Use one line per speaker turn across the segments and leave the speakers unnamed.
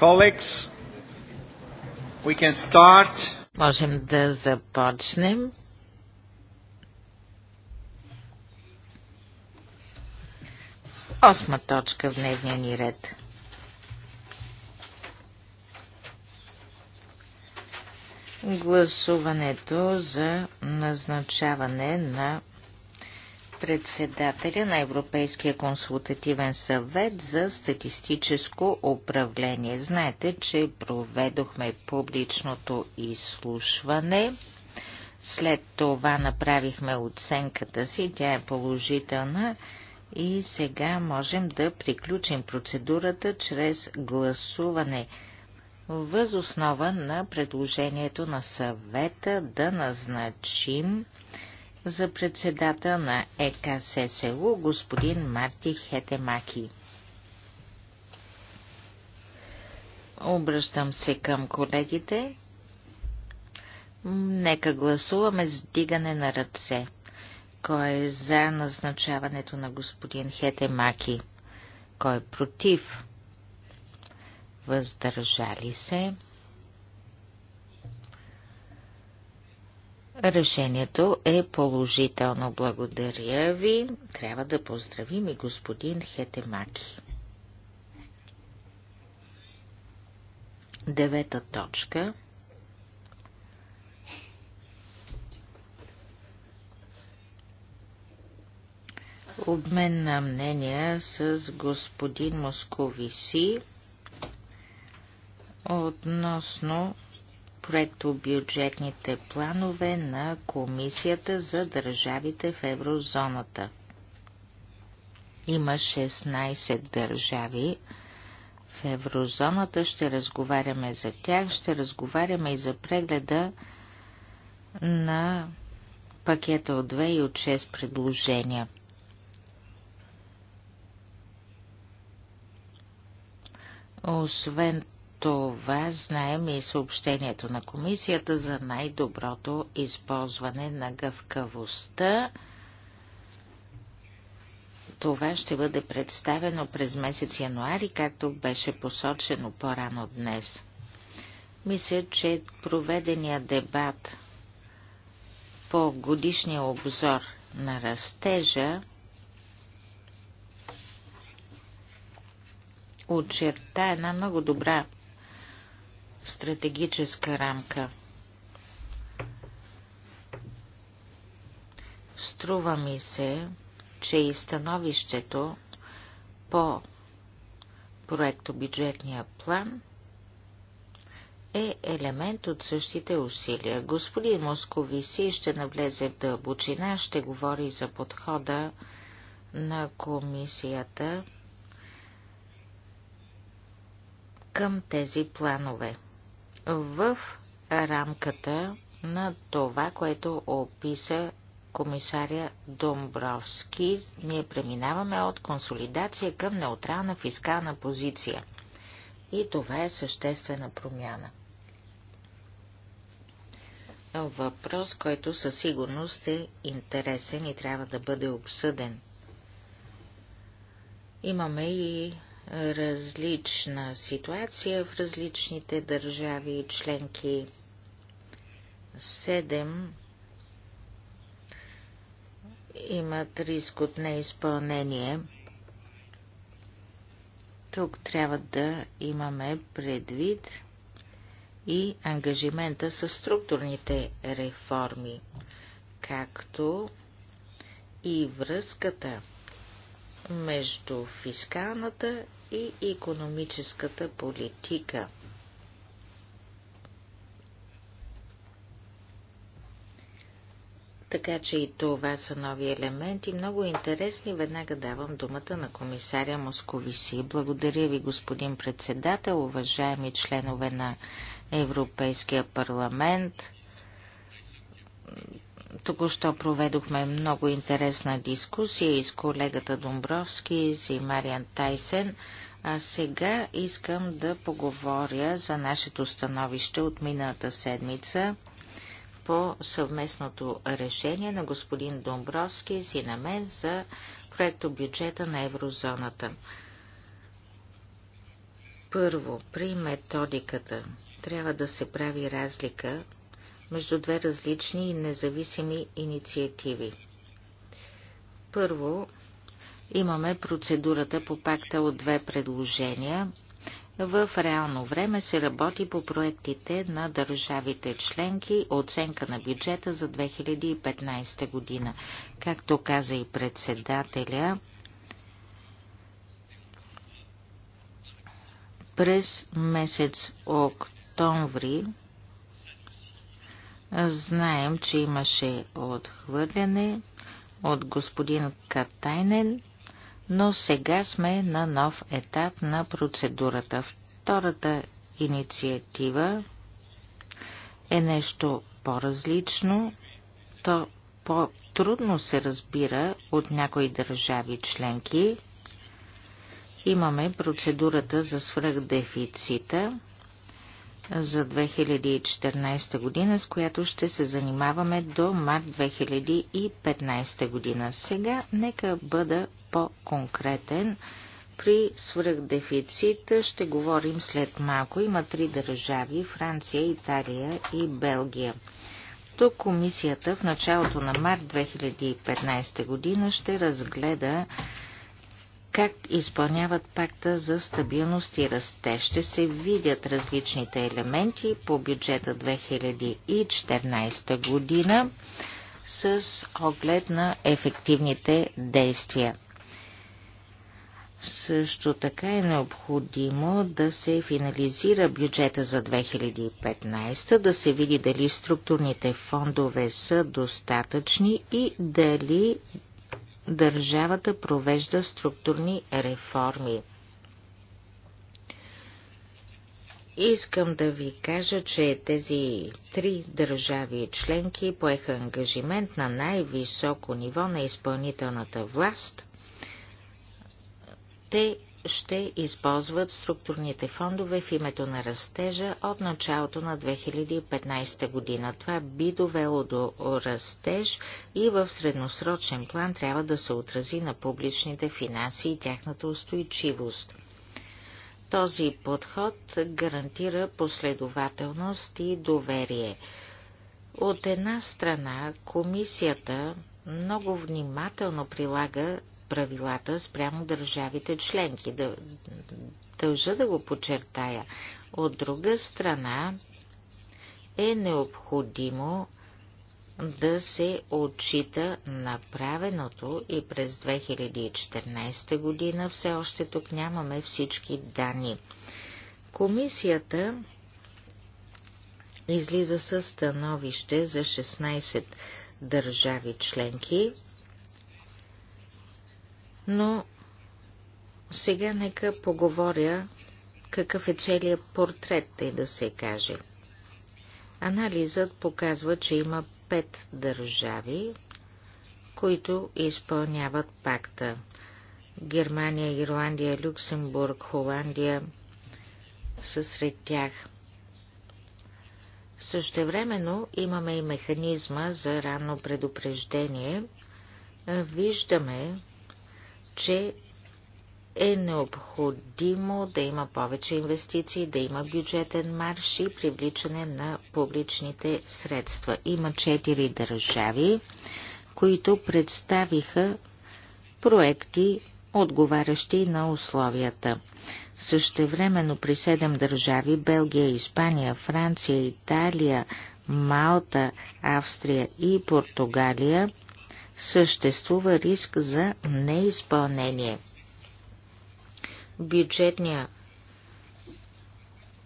Colleagues, we can start. Можем да започнем. Осма точка в дневния ни ред. Гласуването за назначаване на председателя на Европейския консултативен съвет за статистическо управление. Знаете, че проведохме публичното изслушване. След това направихме оценката си, тя е положителна и сега можем да приключим процедурата чрез гласуване възоснова на предложението на съвета да назначим за председател на ЕКССУ господин Марти Хетемаки. Обръщам се към колегите. Нека гласуваме с вдигане на ръце. Кой е за назначаването на господин Хетемаки? Кой е против? Въздържали се? Решението е положително. Благодаря ви. Трябва да поздравим и господин Хетемаки. Девета точка. Обмен на мнения с господин Московиси относно проекто бюджетните планове на Комисията за държавите в еврозоната. Има 16 държави в еврозоната. Ще разговаряме за тях, ще разговаряме и за прегледа на пакета от 2 и от 6 предложения. Освен това знаем и съобщението на комисията за най-доброто използване на гъвкавостта. Това ще бъде представено през месец януари, както беше посочено по-рано днес. Мисля, че проведения дебат по годишния обзор на растежа очерта една много добра стратегическа рамка. Струва ми се, че и становището по проектобюджетния план е елемент от същите усилия. Господин Московиси ще навлезе в дълбочина, ще говори за подхода на комисията към тези планове в рамката на това, което описа комисаря Домбровски, ние преминаваме от консолидация към неутрална фискална позиция. И това е съществена промяна. Въпрос, който със сигурност е интересен и трябва да бъде обсъден. Имаме и различна ситуация в различните държави и членки. 7 имат риск от неизпълнение. Тук трябва да имаме предвид и ангажимента с структурните реформи, както и връзката между фискалната и економическата политика. Така че и това са нови елементи, много интересни. Веднага давам думата на комисаря Московиси. Благодаря ви, господин председател, уважаеми членове на Европейския парламент. Току-що проведохме много интересна дискусия и с колегата Домбровски, и с Мариан Тайсен. А сега искам да поговоря за нашето становище от миналата седмица по съвместното решение на господин Домбровски и на мен за проекто бюджета на еврозоната. Първо, при методиката трябва да се прави разлика между две различни и независими инициативи. Първо, имаме процедурата по пакта от две предложения. В реално време се работи по проектите на държавите членки оценка на бюджета за 2015 година. Както каза и председателя, през месец октомври Знаем, че имаше отхвърляне от господин Катайнен, но сега сме на нов етап на процедурата. Втората инициатива е нещо по-различно. То по-трудно се разбира от някои държави членки. Имаме процедурата за свръхдефицита за 2014 година, с която ще се занимаваме до март 2015 година. Сега нека бъда по-конкретен. При свръхдефицита ще говорим след малко. Има три държави – Франция, Италия и Белгия. Тук комисията в началото на март 2015 година ще разгледа как изпълняват пакта за стабилност и расте Ще се видят различните елементи по бюджета 2014 година с оглед на ефективните действия. Също така е необходимо да се финализира бюджета за 2015, да се види дали структурните фондове са достатъчни и дали държавата провежда структурни реформи. Искам да ви кажа, че тези три държави членки поеха ангажимент на най-високо ниво на изпълнителната власт. Те ще използват структурните фондове в името на растежа от началото на 2015 година. Това би довело до растеж и в средносрочен план трябва да се отрази на публичните финанси и тяхната устойчивост. Този подход гарантира последователност и доверие. От една страна, комисията много внимателно прилага правилата спрямо държавите членки. Дължа да го подчертая. От друга страна е необходимо да се отчита направеното и през 2014 година. Все още тук нямаме всички данни. Комисията излиза със становище за 16 държави членки но сега нека поговоря какъв е целият портрет, тъй да се каже. Анализът показва, че има пет държави, които изпълняват пакта. Германия, Ирландия, Люксембург, Холандия са сред тях. Същевременно имаме и механизма за ранно предупреждение. Виждаме, че е необходимо да има повече инвестиции, да има бюджетен марш и привличане на публичните средства. Има четири държави, които представиха проекти, отговарящи на условията. Същевременно при седем държави Белгия, Испания, Франция, Италия, Малта, Австрия и Португалия – съществува риск за неизпълнение. Бюджетния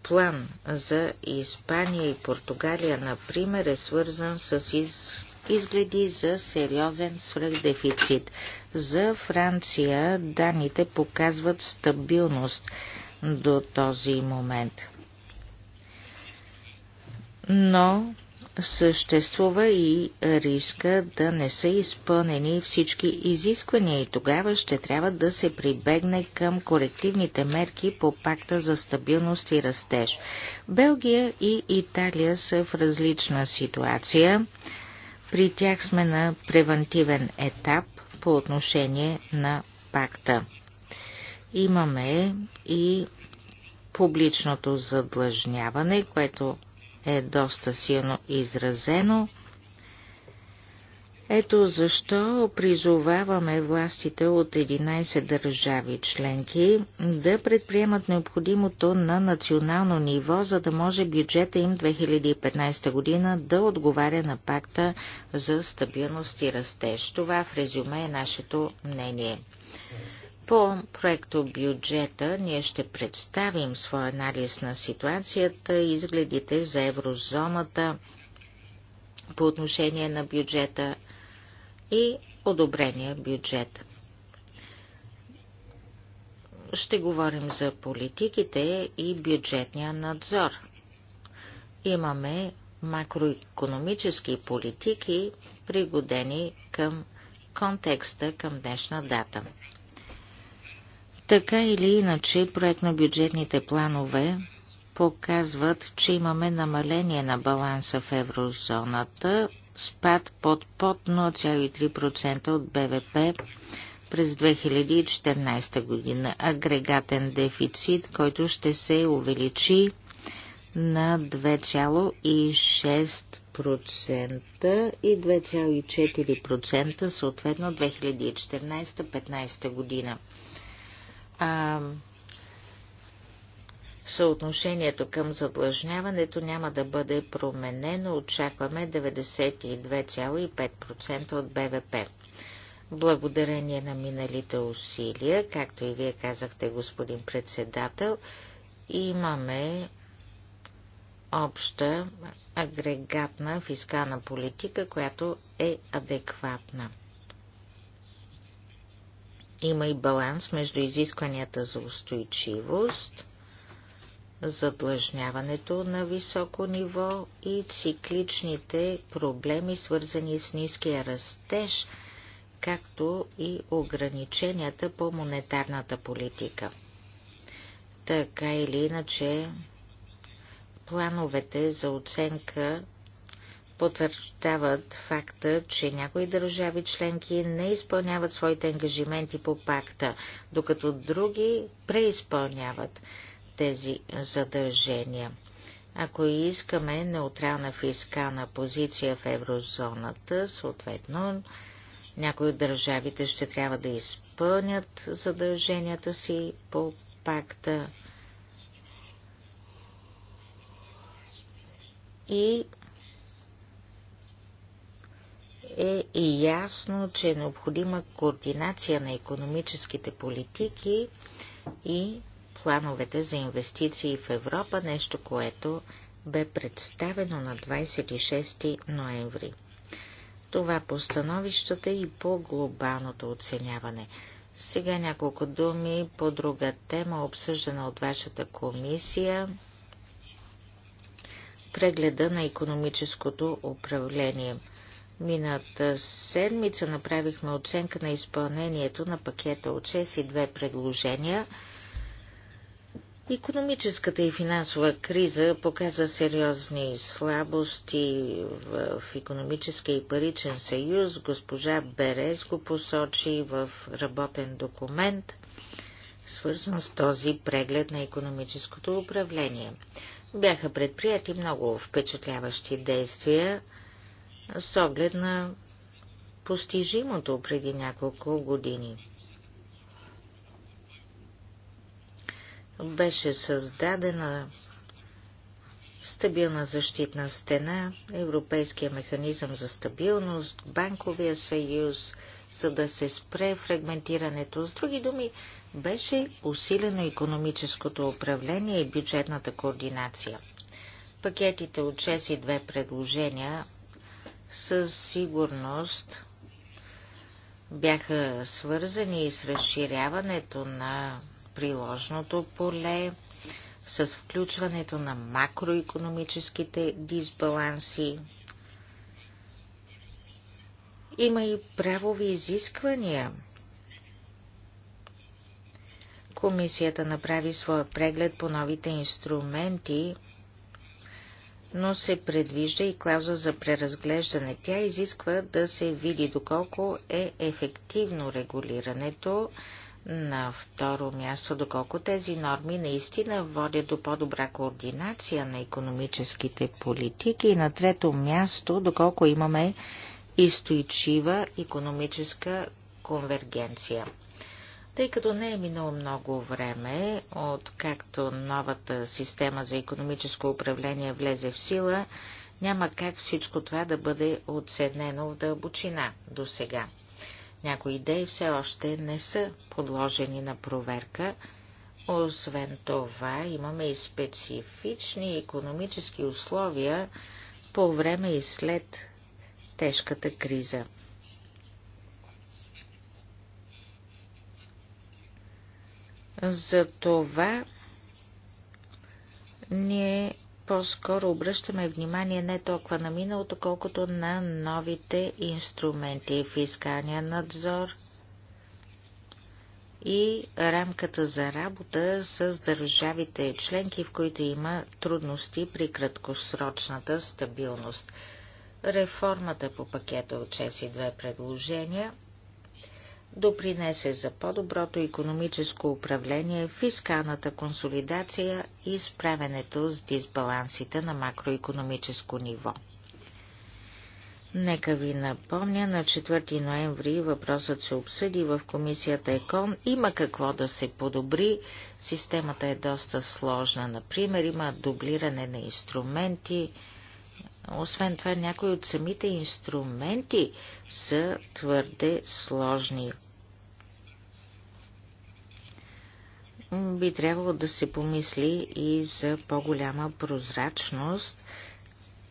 план за Испания и Португалия, например, е свързан с из... изгледи за сериозен свръхдефицит. За Франция данните показват стабилност до този момент. Но съществува и риска да не са изпълнени всички изисквания и тогава ще трябва да се прибегне към корективните мерки по пакта за стабилност и растеж. Белгия и Италия са в различна ситуация. При тях сме на превентивен етап по отношение на пакта. Имаме и публичното задлъжняване, което е доста силно изразено. Ето защо призоваваме властите от 11 държави членки да предприемат необходимото на национално ниво, за да може бюджета им 2015 година да отговаря на пакта за стабилност и растеж. Това в резюме е нашето мнение. По проекто бюджета ние ще представим своя анализ на ситуацията и изгледите за еврозоната по отношение на бюджета и одобрения бюджет. Ще говорим за политиките и бюджетния надзор. Имаме макроекономически политики, пригодени към контекста към днешна дата. Така или иначе, проект на бюджетните планове показват, че имаме намаление на баланса в еврозоната, спад под под 0,3% от БВП през 2014 година. Агрегатен дефицит, който ще се увеличи на 2,6% и 2,4% съответно 2014-15 година а, съотношението към задлъжняването няма да бъде променено. Очакваме 92,5% от БВП. Благодарение на миналите усилия, както и вие казахте, господин председател, имаме обща агрегатна фискална политика, която е адекватна има и баланс между изискванията за устойчивост, задлъжняването на високо ниво и цикличните проблеми, свързани с ниския растеж, както и ограниченията по монетарната политика. Така или иначе, плановете за оценка потвърждават факта, че някои държави членки не изпълняват своите ангажименти по пакта, докато други преизпълняват тези задължения. Ако искаме неутрална фискална позиция в еврозоната, съответно някои от държавите ще трябва да изпълнят задълженията си по пакта. И е и ясно, че е необходима координация на економическите политики и плановете за инвестиции в Европа, нещо, което бе представено на 26 ноември. Това по становищата и по глобалното оценяване. Сега няколко думи по друга тема, обсъждана от вашата комисия прегледа на економическото управление – Мината седмица направихме оценка на изпълнението на пакета от 6 и две предложения. Економическата и финансова криза показа сериозни слабости в економическия и паричен съюз. Госпожа Берез го посочи в работен документ, свързан с този преглед на економическото управление. Бяха предприяти много впечатляващи действия – с оглед на постижимото преди няколко години. Беше създадена стабилна защитна стена, Европейския механизъм за стабилност, Банковия съюз, за да се спре фрагментирането. С други думи, беше усилено економическото управление и бюджетната координация. Пакетите от 6 и 2 предложения със сигурност бяха свързани с разширяването на приложното поле, с включването на макроекономическите дисбаланси. Има и правови изисквания. Комисията направи своя преглед по новите инструменти – но се предвижда и клауза за преразглеждане. Тя изисква да се види доколко е ефективно регулирането. На второ място, доколко тези норми наистина водят до по-добра координация на економическите политики. И на трето място, доколко имаме изтойчива економическа конвергенция. Тъй като не е минало много време, откакто новата система за економическо управление влезе в сила, няма как всичко това да бъде оценено в дълбочина до сега. Някои идеи все още не са подложени на проверка. Освен това, имаме и специфични економически условия по време и след тежката криза – За това ние по-скоро обръщаме внимание не толкова на миналото, колкото на новите инструменти. Фискалния надзор и рамката за работа с държавите членки, в които има трудности при краткосрочната стабилност. Реформата по пакета от 6 и 2 предложения – допринесе за по-доброто економическо управление, фискалната консолидация и справенето с дисбалансите на макроекономическо ниво. Нека ви напомня, на 4 ноември въпросът се обсъди в комисията ЕКОН. Има какво да се подобри. Системата е доста сложна. Например, има дублиране на инструменти. Освен това, някои от самите инструменти са твърде сложни. би трябвало да се помисли и за по-голяма прозрачност,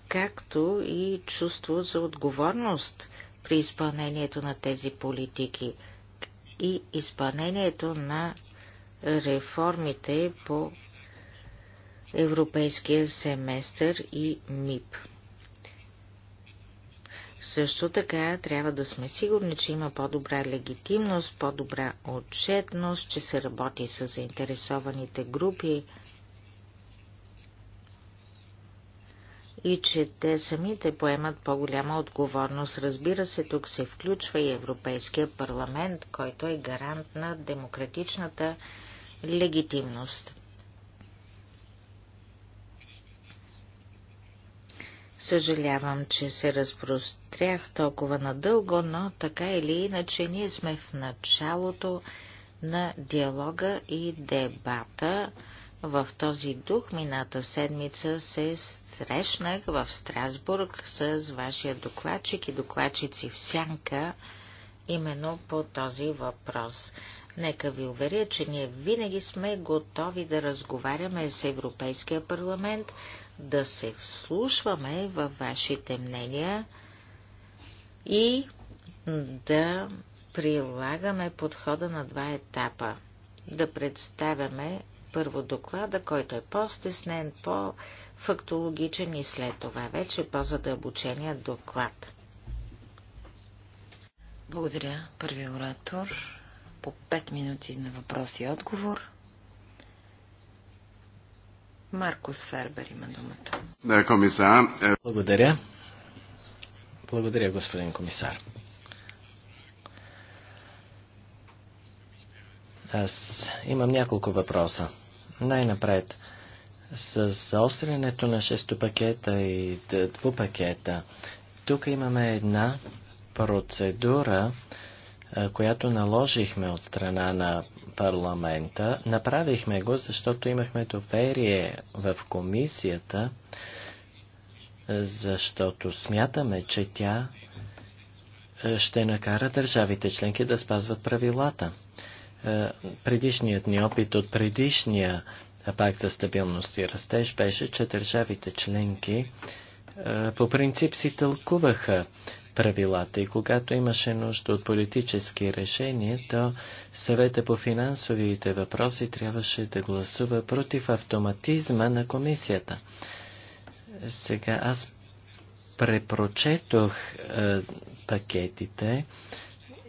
както и чувство за отговорност при изпълнението на тези политики и изпълнението на реформите по европейския семестър и МИП. Също така трябва да сме сигурни, че има по-добра легитимност, по-добра отчетност, че се работи с заинтересованите групи и че те самите поемат по-голяма отговорност. Разбира се, тук се включва и Европейския парламент, който е гарант на демократичната легитимност. Съжалявам, че се разпрострях толкова надълго, но така или иначе ние сме в началото на диалога и дебата. В този дух мината седмица се срещнах в Страсбург с вашия докладчик и докладчици в Сянка именно по този въпрос. Нека ви уверя, че ние винаги сме готови да разговаряме с Европейския парламент да се вслушваме във вашите мнения и да прилагаме подхода на два етапа. Да представяме първо доклада, който е по-стеснен, по-фактологичен и след това вече по-задълбочения доклад. Благодаря. първи оратор
по 5 минути на въпрос и отговор. Маркус Фербер има думата.
Комисар. Е, Благодаря.
Благодаря, господин комисар. Аз имам няколко въпроса. Най-напред, с заостренето на шесто пакета и двупакета, тук имаме една процедура, която наложихме от страна на парламента. Направихме го, защото имахме доверие в комисията, защото смятаме, че тя е, ще накара държавите членки да спазват правилата. Е, предишният ни опит от предишния пакт за стабилност и растеж беше, че държавите членки е, по принцип си тълкуваха правилата. И когато имаше нужда от политически решения, то съвета по финансовите въпроси трябваше да гласува против автоматизма на комисията. Сега аз препрочетох е, пакетите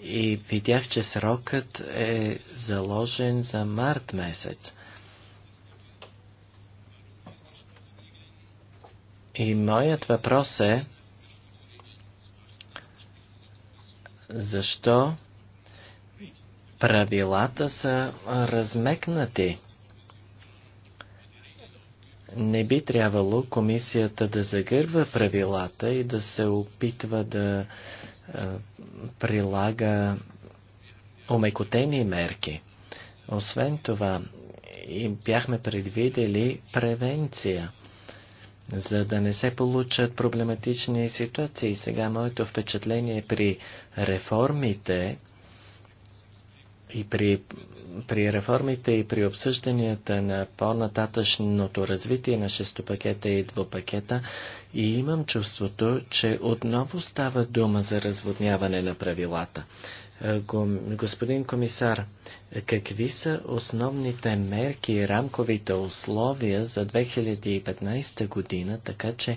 и видях, че срокът е заложен за март месец. И моят въпрос е, защо правилата са размекнати. Не би трябвало комисията да загърва правилата и да се опитва да а, е, прилага омекотени мерки. Освен това, и бяхме предвидели превенция – за да не се получат проблематични ситуации. Сега моето впечатление при реформите и при, при реформите и при обсъжданията на по-нататъчното развитие на шестопакета и двупакета и имам чувството, че отново става дума за разводняване на правилата. Е, господин комисар, какви са основните мерки и рамковите условия за 2015 година, така че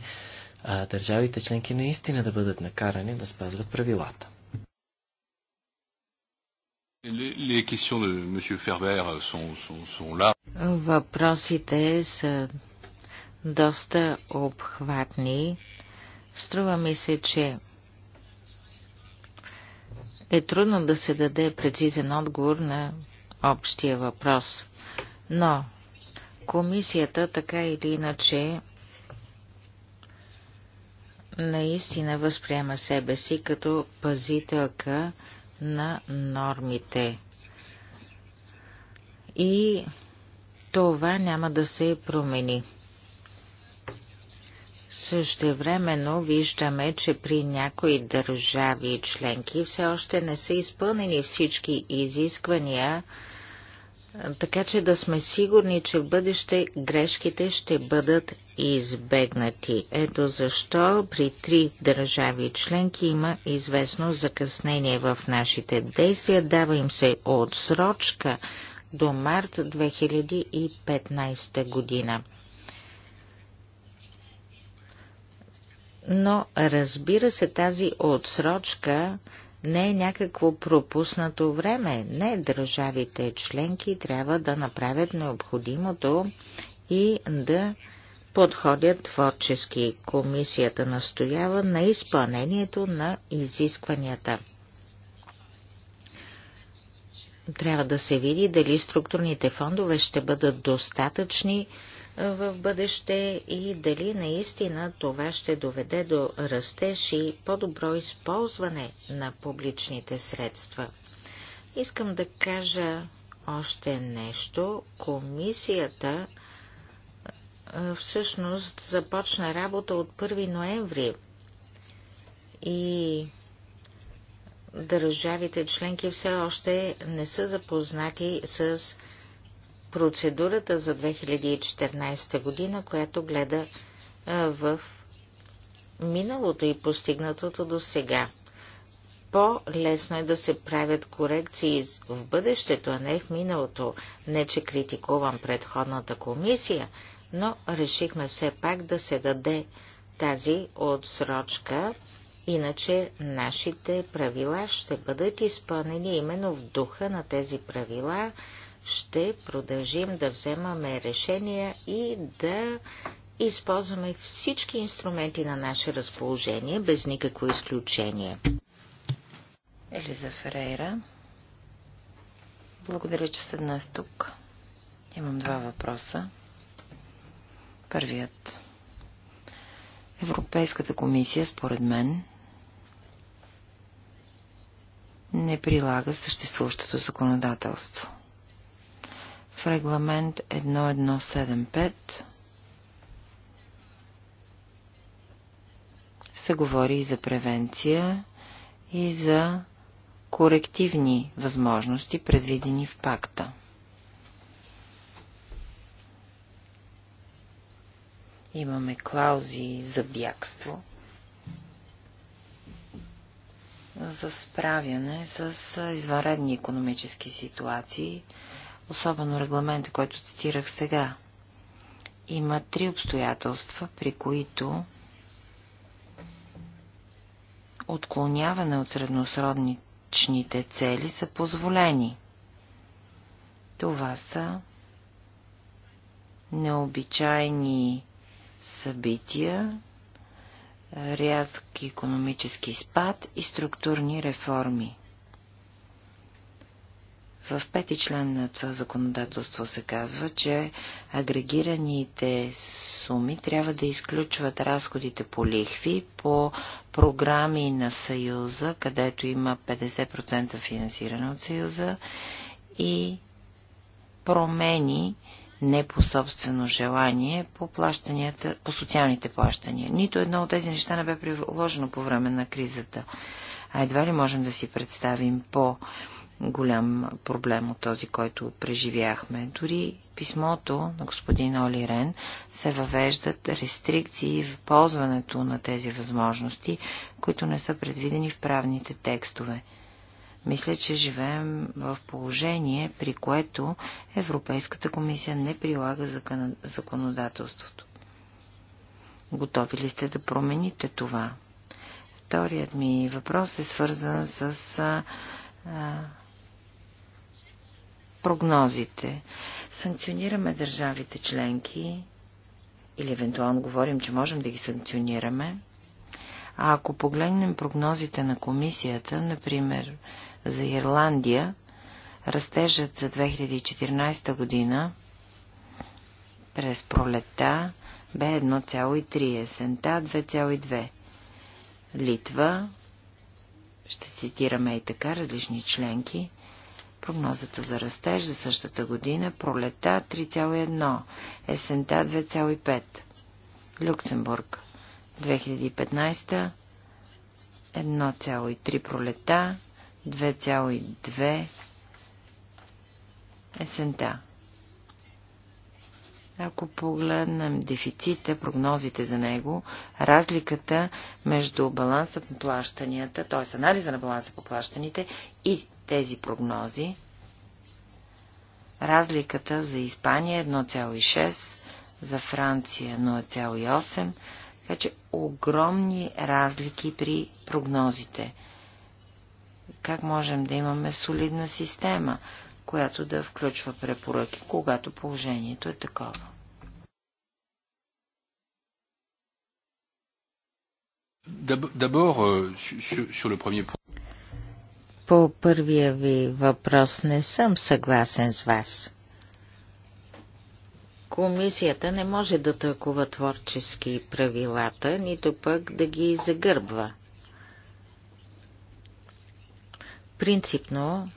а, държавите членки наистина да бъдат накарани да спазват правилата?
Е
Въпросите са доста обхватни. Струва ми се, че е трудно да се даде прецизен отговор на общия въпрос. Но комисията така или иначе наистина възприема себе си като пазителка на нормите. И това няма да се промени. Същевременно виждаме, че при някои държави и членки все още не са изпълнени всички изисквания, така че да сме сигурни, че в бъдеще грешките ще бъдат избегнати. Ето защо при три държави членки има известно закъснение в нашите действия. Дава им се отсрочка до март 2015 година. Но разбира се, тази отсрочка не е някакво пропуснато време. Не, държавите членки трябва да направят необходимото и да подходят творчески. Комисията настоява на изпълнението на изискванията. Трябва да се види дали структурните фондове ще бъдат достатъчни, в бъдеще и дали наистина това ще доведе до растеж и по-добро използване на публичните средства. Искам да кажа още нещо. Комисията всъщност започна работа от 1 ноември и държавите членки все още не са запознати с процедурата за 2014 година, която гледа в миналото и постигнатото до сега. По-лесно е да се правят корекции в бъдещето, а не в миналото. Не, че критикувам предходната комисия, но решихме все пак да се даде тази отсрочка, иначе нашите правила ще бъдат изпълнени именно в духа на тези правила, ще продължим да вземаме решения и да използваме всички инструменти на наше разположение, без никакво изключение. Елиза Ферейра,
благодаря, че сте днес тук. Имам два въпроса. Първият. Европейската комисия, според мен, не прилага съществуващото законодателство – в регламент 1175 се говори и за превенция и за корективни възможности, предвидени в пакта. Имаме клаузи за бягство, за справяне с извънредни економически ситуации, особено регламента, който цитирах сега. Има три обстоятелства, при които отклоняване от средносродничните цели са позволени. Това са необичайни събития, рязък економически спад и структурни реформи. В пети член на това законодателство се казва, че агрегираните суми трябва да изключват разходите по лихви, по програми на Съюза, където има 50% финансиране от Съюза и промени не по собствено желание, по, плащанията, по социалните плащания. Нито едно от тези неща не бе приложено по време на кризата. А едва ли можем да си представим по- голям проблем от този, който преживяхме. Дори писмото на господин Оли Рен се въвеждат рестрикции в ползването на тези възможности, които не са предвидени в правните текстове. Мисля, че живеем в положение, при което Европейската комисия не прилага законодателството. Готови ли сте да промените това? Вторият ми въпрос е свързан с а, прогнозите. Санкционираме държавите членки или евентуално говорим, че можем да ги санкционираме. А ако погледнем прогнозите на комисията, например за Ирландия, растежът за 2014 година през пролета бе 1,3, есента 2,2. Литва, ще цитираме и така различни членки, Прогнозата за растеж за същата година пролета 3,1, есента 2,5. Люксембург 2015 1,3 пролета, 2,2 есента. Ако погледнем дефицита, прогнозите за него, разликата между баланса по плащанията, т.е. анализа на баланса по плащаните и тези прогнози. Разликата за Испания 1,6, за Франция 0,8, така че огромни разлики при прогнозите. Как можем да имаме солидна система, която да включва препоръки, когато положението е такова?
D'abord, sur le premier point.
По първия ви въпрос не съм съгласен с вас. Комисията не може да тълкува творчески правилата, нито пък да ги загърбва. Принципно,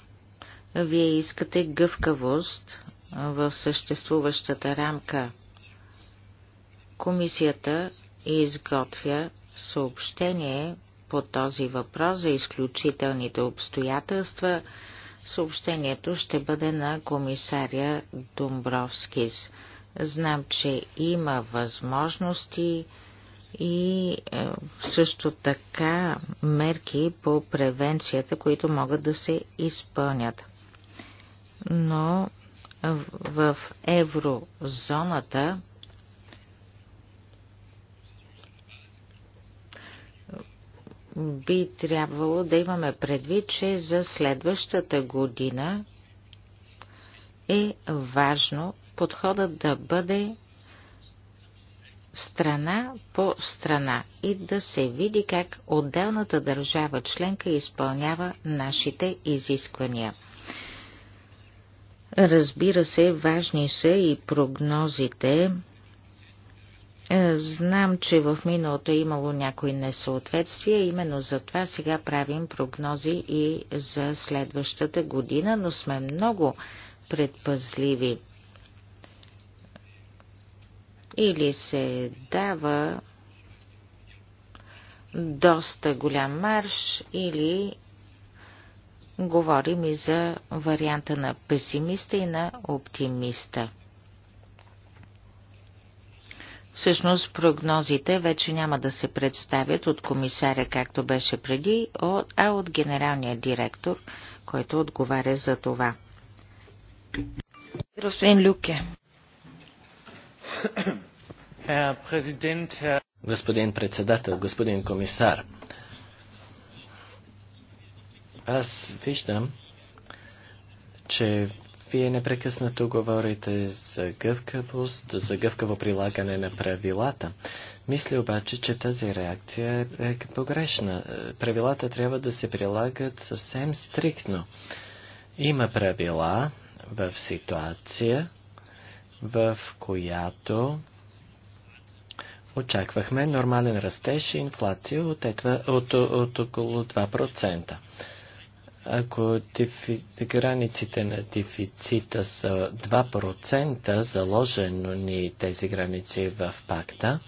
вие искате гъвкавост в съществуващата рамка. Комисията изготвя съобщение по този въпрос за изключителните обстоятелства. Съобщението ще бъде на комисаря Домбровскис. Знам, че има възможности и е, също така мерки по превенцията, които могат да се изпълнят. Но в еврозоната би трябвало да имаме предвид, че за следващата година е важно подходът да бъде страна по страна и да се види как отделната държава членка изпълнява нашите изисквания. Разбира се, важни са и прогнозите е, знам, че в миналото е имало някои несъответствия, именно за това сега правим прогнози и за следващата година, но сме много предпазливи. Или се дава доста голям марш, или говорим и за варианта на песимиста и на оптимиста. Всъщност прогнозите вече няма да се представят от комисаря, както беше преди, а от генералния директор, който отговаря за това.
Господин Люке.
Господин председател, господин комисар, аз виждам, че вие непрекъснато говорите за гъвкавост, за гъвкаво прилагане на правилата. Мисля обаче, че тази реакция е погрешна. Е, правилата трябва да се прилагат съвсем стриктно. Има правила в ситуация, в която очаквахме нормален растеж и инфлация от, етва, от, от, около 2%. Ако дефи... границите на дефицита са 2% заложени тези граници в пакта,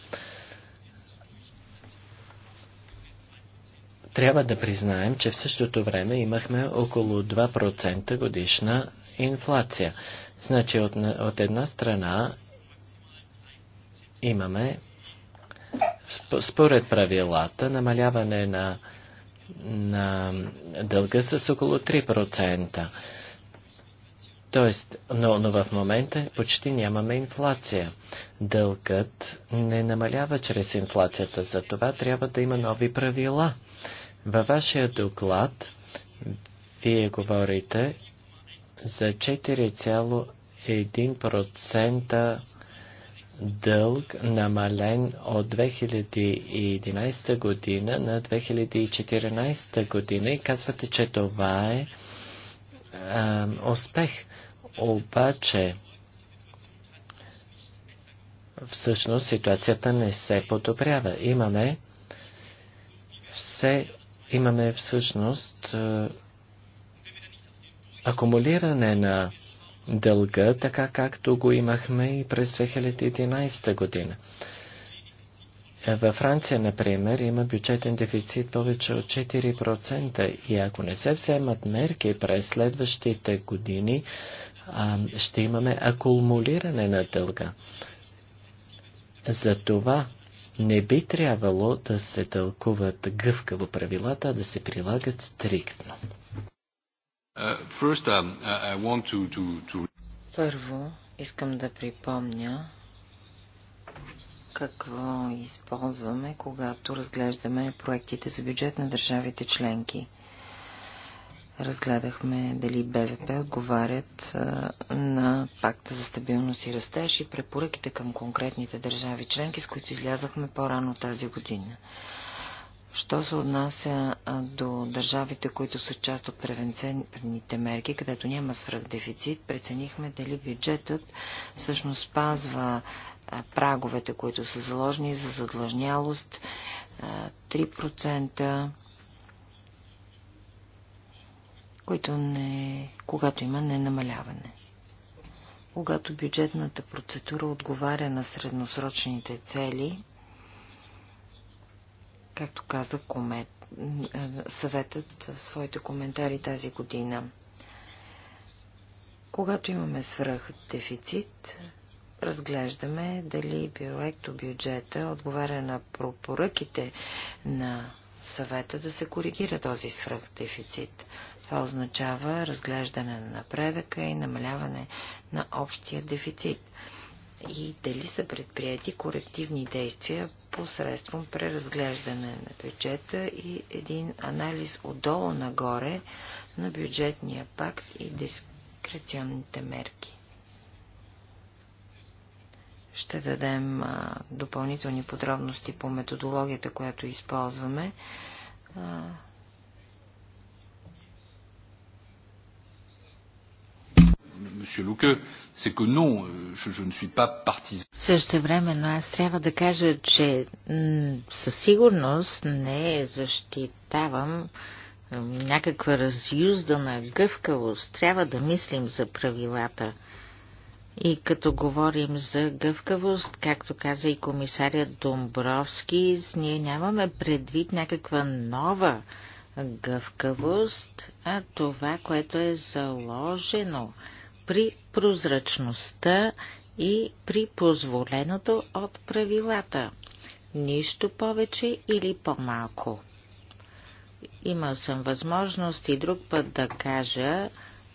трябва да признаем, че в същото време имахме около 2% годишна инфлация. Значи от, от една страна имаме според правилата намаляване на на дълга с около 3%. Тоест, но, но в момента почти нямаме инфлация. Дългът не намалява чрез инфлацията, за това трябва да има нови правила. Във вашия доклад вие говорите за 4,1% дълг намален от 2011 година на 2014 година и казвате, че това е а, успех. Обаче, всъщност ситуацията не се подобрява. Имаме все, имаме всъщност акумулиране на дълга, така както го имахме и през 2011 година. Е, във Франция, например, има бюджетен дефицит повече от 4% и ако не се вземат мерки през следващите години, ще имаме акумулиране на дълга. Затова не би трябвало да се тълкуват гъвкаво правилата, а да се прилагат стриктно.
Uh, um, uh,
Първо, искам да припомня какво използваме, когато разглеждаме проектите за бюджет на държавите членки. Разгледахме дали БВП отговарят на пакта за стабилност и растеж и препоръките към конкретните държави членки, с които излязахме по-рано тази година. Що се отнася до държавите, които са част от превенцените мерки, където няма свръхдефицит, преценихме дали бюджетът всъщност спазва праговете, които са заложени за задлъжнялост 3%, които не, когато има ненамаляване. Когато бюджетната процедура отговаря на средносрочните цели, както каза комет, съветът в своите коментари тази година. Когато имаме свръх дефицит, разглеждаме дали проекто бюджета отговаря на пропоръките на съвета да се коригира този свръх дефицит. Това означава разглеждане на напредъка и намаляване на общия дефицит и дали са предприяти корективни действия посредством преразглеждане на бюджета и един анализ отдолу нагоре на бюджетния пакт и дискреционните мерки. Ще дадем а, допълнителни подробности по методологията, която използваме. А,
Monsieur Luque, c'est que non, euh, je, je ne suis pas partisan.
Също аз трябва да кажа, че със сигурност не защитавам някаква разюздана гъвкавост. Трябва да мислим за правилата. И като говорим за гъвкавост, както каза и комисарят Домбровски, ние нямаме предвид някаква нова гъвкавост, а това, което е заложено – при прозрачността и при позволеното от правилата. Нищо повече или по-малко. Имал съм възможност и друг път да кажа,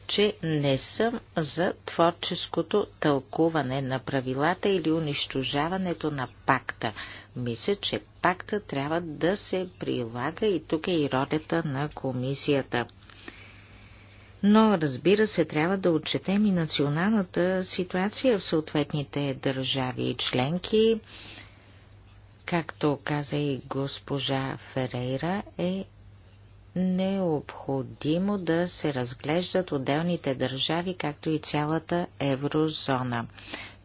че не съм за творческото тълкуване на правилата или унищожаването на пакта. Мисля, че пакта трябва да се прилага и тук е и ролята на комисията но разбира се, трябва да отчетем и националната ситуация в съответните държави и членки. Както каза и госпожа Ферейра, е необходимо да се разглеждат отделните държави, както и цялата еврозона.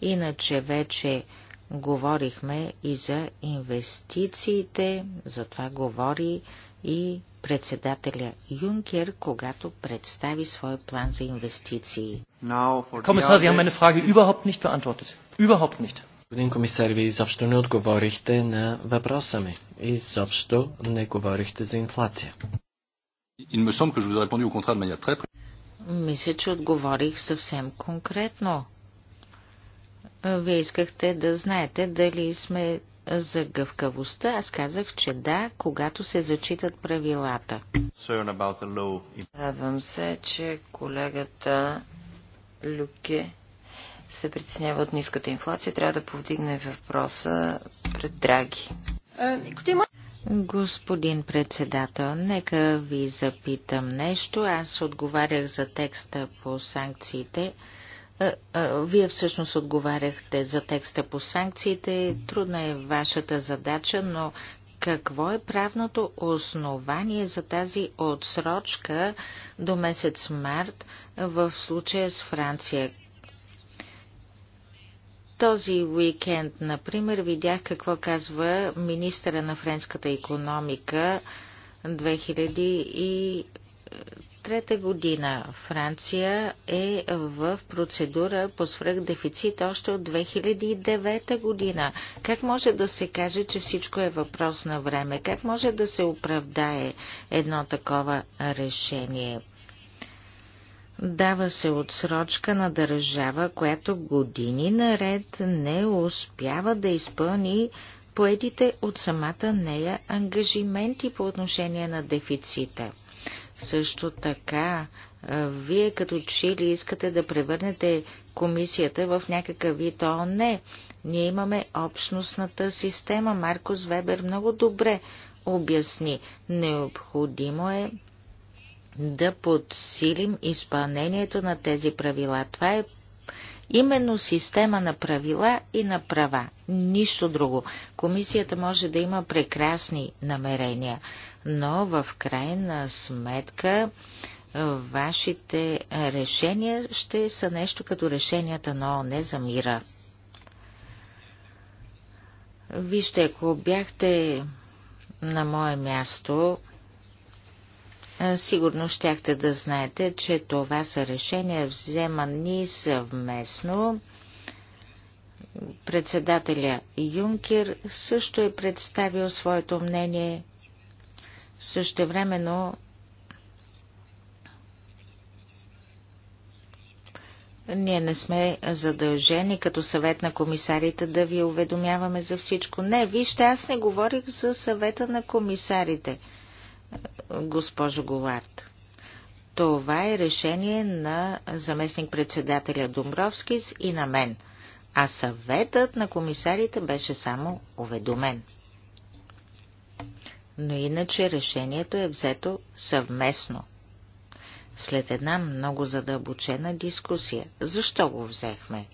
Иначе вече говорихме и за инвестициите, за това говори и председателя Юнкер, когато представи своя план за инвестиции.
Комисар, Sie haben фраги Frage
überhaupt nicht beantwortet. Überhaupt nicht. Господин комисар, Ви изобщо не отговорихте на въпроса ми. Изобщо не говорихте за инфлация.
Мисля, че отговорих съвсем конкретно. Вие искахте да знаете дали сме за гъвкавостта, аз казах, че да, когато се зачитат правилата. Радвам се, че колегата
Люке се притеснява от ниската инфлация. Трябва да повдигне въпроса пред Драги.
Господин председател, нека ви запитам нещо. Аз отговарях за текста по санкциите. Вие всъщност отговаряхте за текста по санкциите. Трудна е вашата задача, но какво е правното основание за тази отсрочка до месец март в случая с Франция? Този уикенд, например, видях какво казва министъра на френската економика 2000 и трета година Франция е в процедура по свръхдефицит още от 2009 година. Как може да се каже, че всичко е въпрос на време? Как може да се оправдае едно такова решение? Дава се отсрочка на държава, която години наред не успява да изпълни поетите от самата нея ангажименти по отношение на дефицита. Също така, вие като че ли искате да превърнете комисията в някакъв вид ООН. Ние имаме общностната система. Маркос Вебер много добре обясни. Необходимо е да подсилим изпълнението на тези правила. Това е именно система на правила и на права. Нищо друго. Комисията може да има прекрасни намерения, но в крайна сметка вашите решения ще са нещо като решенията на ОНЕ за мира. Вижте, ако бяхте на мое място, сигурно щяхте да знаете, че това са решения вземани съвместно. Председателя Юнкер също е представил своето мнение Същевременно Ние не сме задължени като съвет на комисарите да ви уведомяваме за всичко. Не, вижте, аз не говорих за съвета на комисарите, госпожо Говард. Това е решение на заместник-председателя Домбровскис и на мен. А съветът на комисарите беше само уведомен но иначе решението е взето съвместно. След една много задълбочена дискусия. Защо го взехме?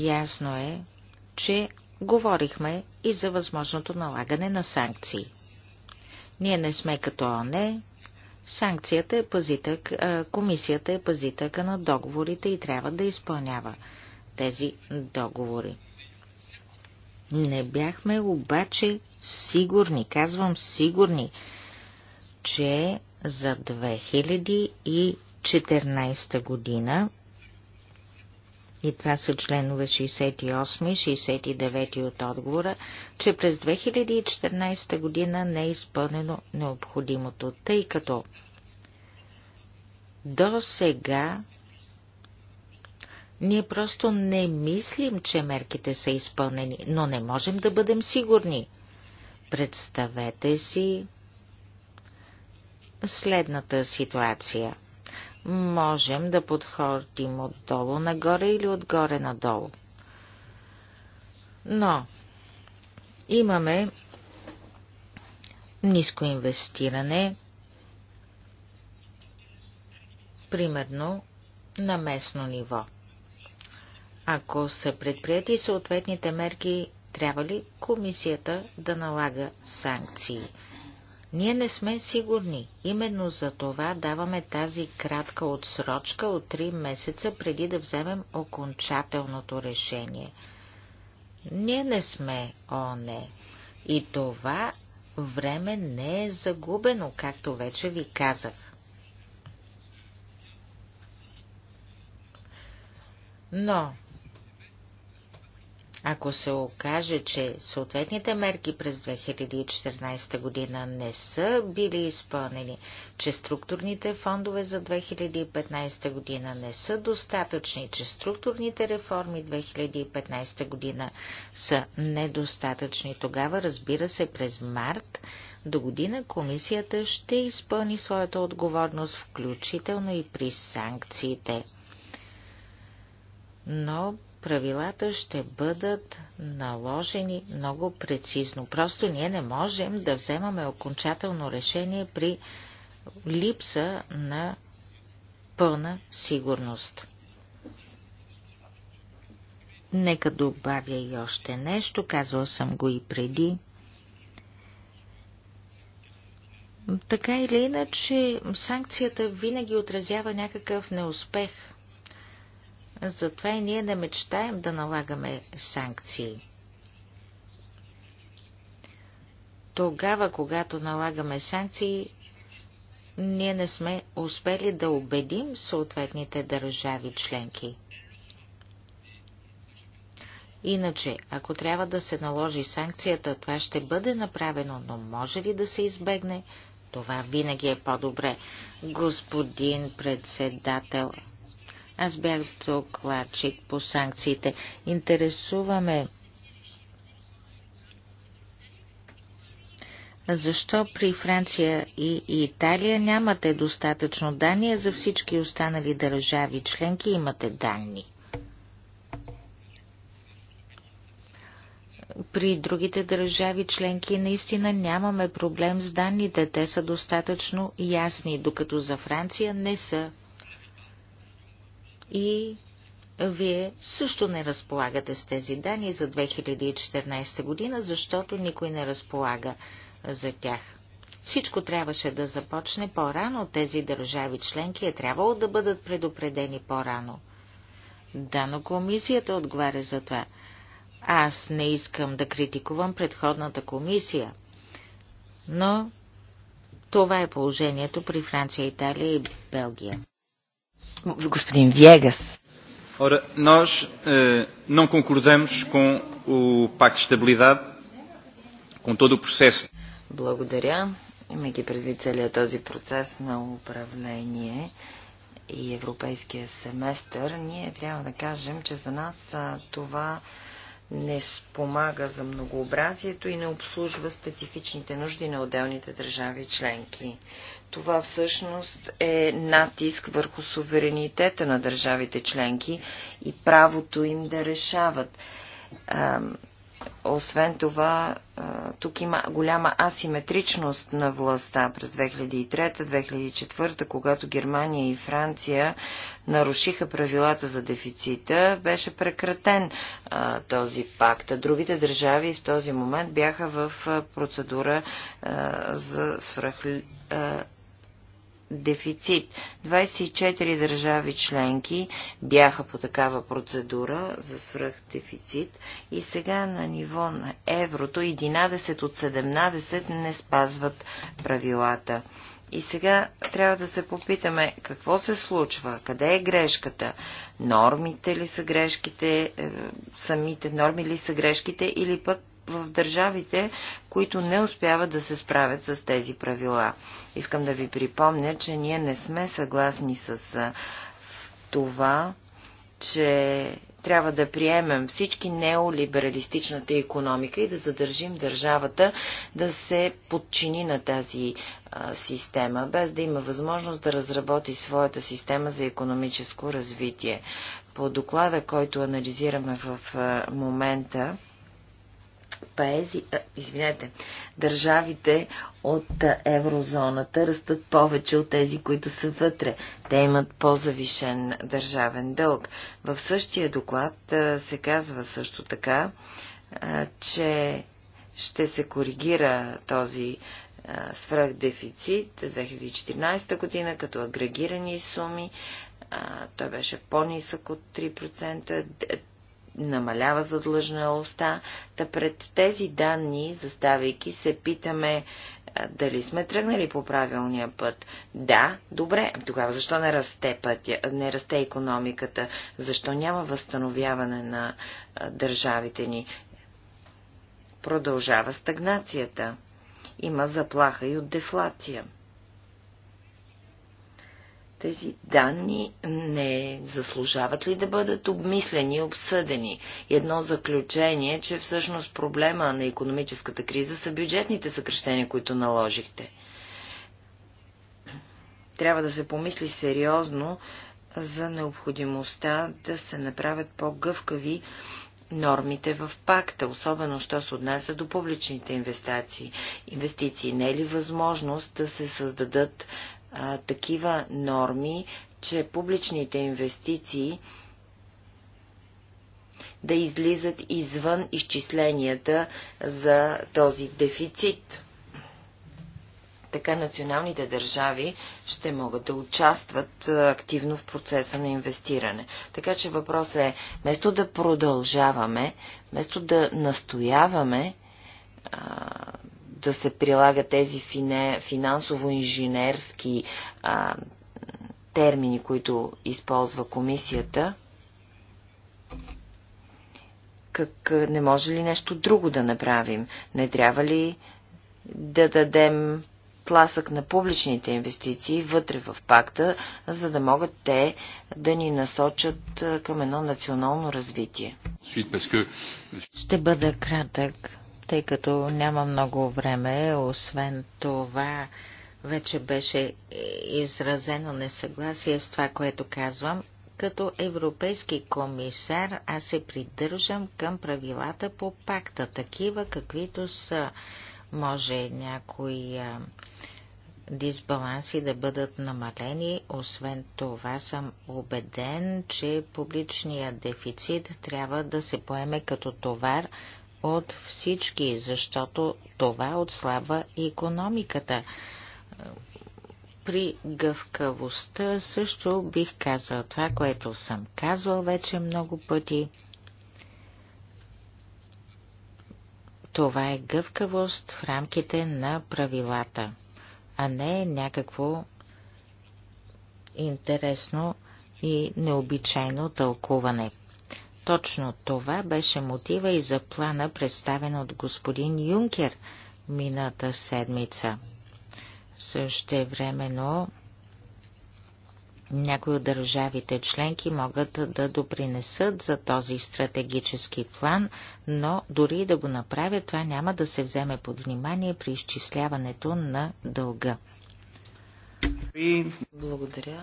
Ясно е, че говорихме и за възможното налагане на санкции. Ние не сме като ОНЕ, санкцията е пазитък, комисията е пазитъка на договорите и трябва да изпълнява тези договори. Не бяхме обаче сигурни, казвам сигурни, че за 2014 година и това са членове 68 и 69 от отговора, че през 2014 година не е изпълнено необходимото, тъй като до сега ние просто не мислим, че мерките са изпълнени, но не можем да бъдем сигурни. Представете си следната ситуация. Можем да подходим отдолу нагоре или отгоре надолу. Но имаме ниско инвестиране, примерно на местно ниво – ако са предприяти съответните мерки, трябва ли комисията да налага санкции? Ние не сме сигурни. Именно за това даваме тази кратка отсрочка от 3 месеца преди да вземем окончателното решение. Ние не сме ОНЕ. И това време не е загубено, както вече ви казах. Но ако се окаже, че съответните мерки през 2014 година не са били изпълнени, че структурните фондове за 2015 година не са достатъчни, че структурните реформи 2015 година са недостатъчни, тогава, разбира се, през март до година комисията ще изпълни своята отговорност, включително и при санкциите. Но правилата ще бъдат наложени много прецизно. Просто ние не можем да вземаме окончателно решение при липса на пълна сигурност. Нека добавя и още нещо, казвал съм го и преди. Така или иначе, санкцията винаги отразява някакъв неуспех – затова и ние не мечтаем да налагаме санкции. Тогава, когато налагаме санкции, ние не сме успели да убедим съответните държави членки. Иначе, ако трябва да се наложи санкцията, това ще бъде направено, но може ли да се избегне? Това винаги е по-добре. Господин председател, аз бях докладчик по санкциите. Интересуваме Защо при Франция и Италия нямате достатъчно данни, за всички останали държави членки имате данни? При другите държави членки наистина нямаме проблем с данните, те са достатъчно ясни, докато за Франция не са и вие също не разполагате с тези данни за 2014 година, защото никой не разполага за тях. Всичко трябваше да започне по-рано. Тези държави членки е трябвало да бъдат предупредени по-рано. Да, но комисията отговаря за това. Аз не искам да критикувам предходната комисия, но това е положението при Франция, Италия и Белгия.
Господин Виегас,
Ora, nós eh, não concordamos com o Pacto de Estabilidade, com todo o processo.
Благодаря. Имайки предвид целият този процес на управление и европейския семестър, ние трябва да кажем, че за нас това е не спомага за многообразието и не обслужва специфичните нужди на отделните държави членки. Това всъщност е натиск върху суверенитета на държавите членки и правото им да решават освен това, тук има голяма асиметричност на властта през 2003-2004, когато Германия и Франция нарушиха правилата за дефицита, беше прекратен а, този пакт. другите държави в този момент бяха в процедура а, за свръхли. а, дефицит. 24 държави членки бяха по такава процедура за свръхдефицит и сега на ниво на еврото 11 от 17 не спазват правилата. И сега трябва да се попитаме какво се случва, къде е грешката, нормите ли са грешките, е, самите норми ли са грешките или пък в държавите, които не успяват да се справят с тези правила. Искам да ви припомня, че ние не сме съгласни с това, че трябва да приемем всички неолибералистичната економика и да задържим държавата да се подчини на тази а, система, без да има възможност да разработи своята система за економическо развитие. По доклада, който анализираме в а, момента, паези, а, извинете, държавите от еврозоната растат повече от тези, които са вътре. Те имат по-завишен държавен дълг. В същия доклад а, се казва също така, а, че ще се коригира този свръхдефицит 2014 година, като агрегирани суми. А, той беше по-нисък от 3% намалява задлъжнялостта. Та пред тези данни, заставайки се, питаме дали сме тръгнали по правилния път. Да, добре, ами тогава защо не расте пътя, не расте економиката, защо няма възстановяване на държавите ни? Продължава стагнацията. Има заплаха и от дефлация. Тези данни не заслужават ли да бъдат обмислени и обсъдени? Едно заключение, че всъщност проблема на економическата криза са бюджетните съкрещения, които наложихте. Трябва да се помисли сериозно за необходимостта да се направят по-гъвкави нормите в пакта, особено що се отнася до публичните инвестиции. Инвестиции не е ли възможност да се създадат а, такива норми, че публичните инвестиции да излизат извън изчисленията за този дефицит. Така националните държави ще могат да участват активно в процеса на инвестиране. Така че въпросът е, вместо да продължаваме, вместо да настояваме, да се прилагат тези финансово-инженерски термини, които използва комисията? Как, не може ли нещо друго да направим? Не трябва ли да дадем тласък на публичните инвестиции вътре в пакта, за да могат те да ни насочат към едно национално развитие.
Ще бъда кратък. Тъй като няма много време, освен това вече беше изразено несъгласие с това, което казвам. Като европейски комисар аз се придържам към правилата по пакта, такива каквито са. Може някои а, дисбаланси да бъдат намалени. Освен това съм убеден, че публичният дефицит трябва да се поеме като товар от всички, защото това отслабва економиката. При гъвкавостта също бих казал това, което съм казвал вече много пъти. Това е гъвкавост в рамките на правилата, а не някакво интересно и необичайно тълкуване. Точно това беше мотива и за плана, представен от господин Юнкер мината седмица. Също времено някои от държавите членки могат да допринесат за този стратегически план, но дори да го направят, това няма да се вземе под внимание при изчисляването на дълга.
Благодаря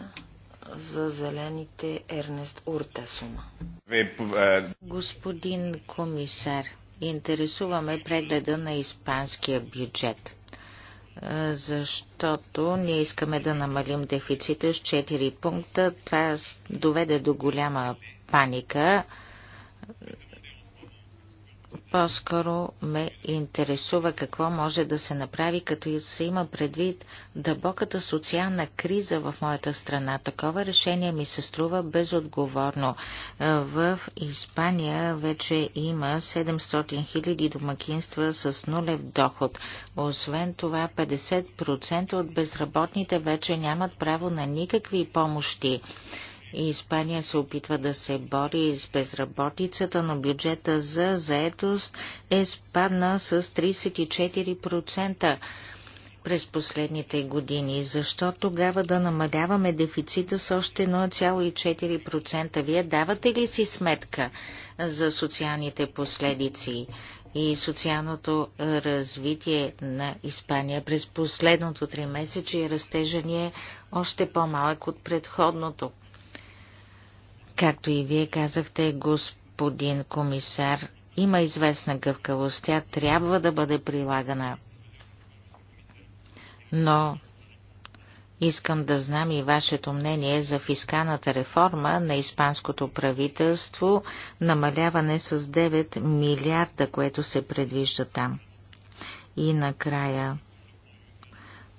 за зелените Ернест Уртасума. Е, Господин комисар, интересуваме прегледа на испанския бюджет, е, защото ние искаме да намалим дефицита с 4 пункта. Това доведе до голяма паника по-скоро ме интересува какво може да се направи, като се има предвид дълбоката социална криза в моята страна. Такова решение ми се струва безотговорно. В Испания вече има 700 000 домакинства с нулев доход. Освен това, 50% от безработните вече нямат право на никакви помощи. И Испания се опитва да се бори с безработицата, но бюджета за заетост е спадна с 34% през последните години. Защо тогава да намаляваме дефицита с още 0,4%? Вие давате ли си сметка за социалните последици и социалното развитие на Испания през последното три месече и растежа ни е още по-малък от предходното? Както и вие казахте, господин комисар, има известна гъвкавост. Тя трябва да бъде прилагана. Но искам да знам и вашето мнение за фискалната реформа на испанското правителство, намаляване с 9 милиарда, което се предвижда там. И накрая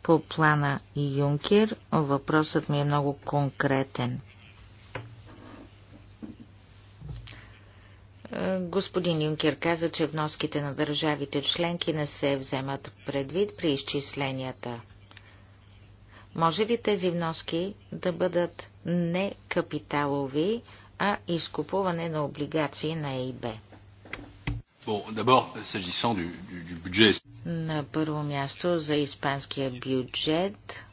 по плана Юнкер въпросът ми е много конкретен – Е, господин Юнкер каза, че вноските на държавите членки не се вземат предвид при изчисленията. Може ли тези вноски да бъдат не капиталови, а изкупуване на облигации на ЕИБ? На първо място за испанския бюджет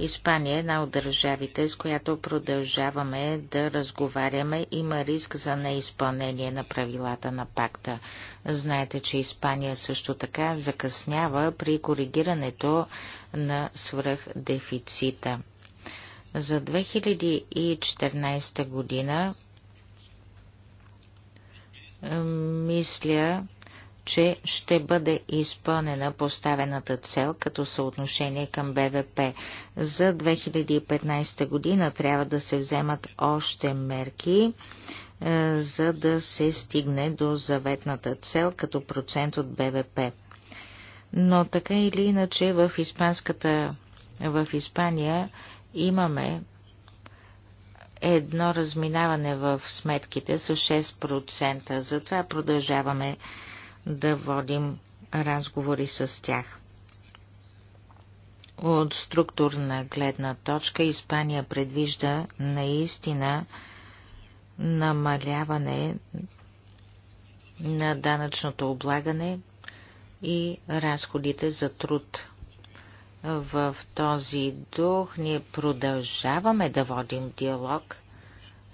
Испания е една от държавите, с която продължаваме да разговаряме. Има риск за неизпълнение на правилата на пакта. Знаете, че Испания също така закъснява при коригирането на свръхдефицита. За 2014 година мисля, че ще бъде изпълнена поставената цел като съотношение към БВП. За 2015 година трябва да се вземат още мерки, е, за да се стигне до заветната цел като процент от БВП. Но така или иначе в, испанската, в Испания имаме едно разминаване в сметките с 6%. Затова продължаваме да водим разговори с тях. От структурна гледна точка Испания предвижда наистина намаляване на данъчното облагане и разходите за труд. В този дух ние продължаваме да водим диалог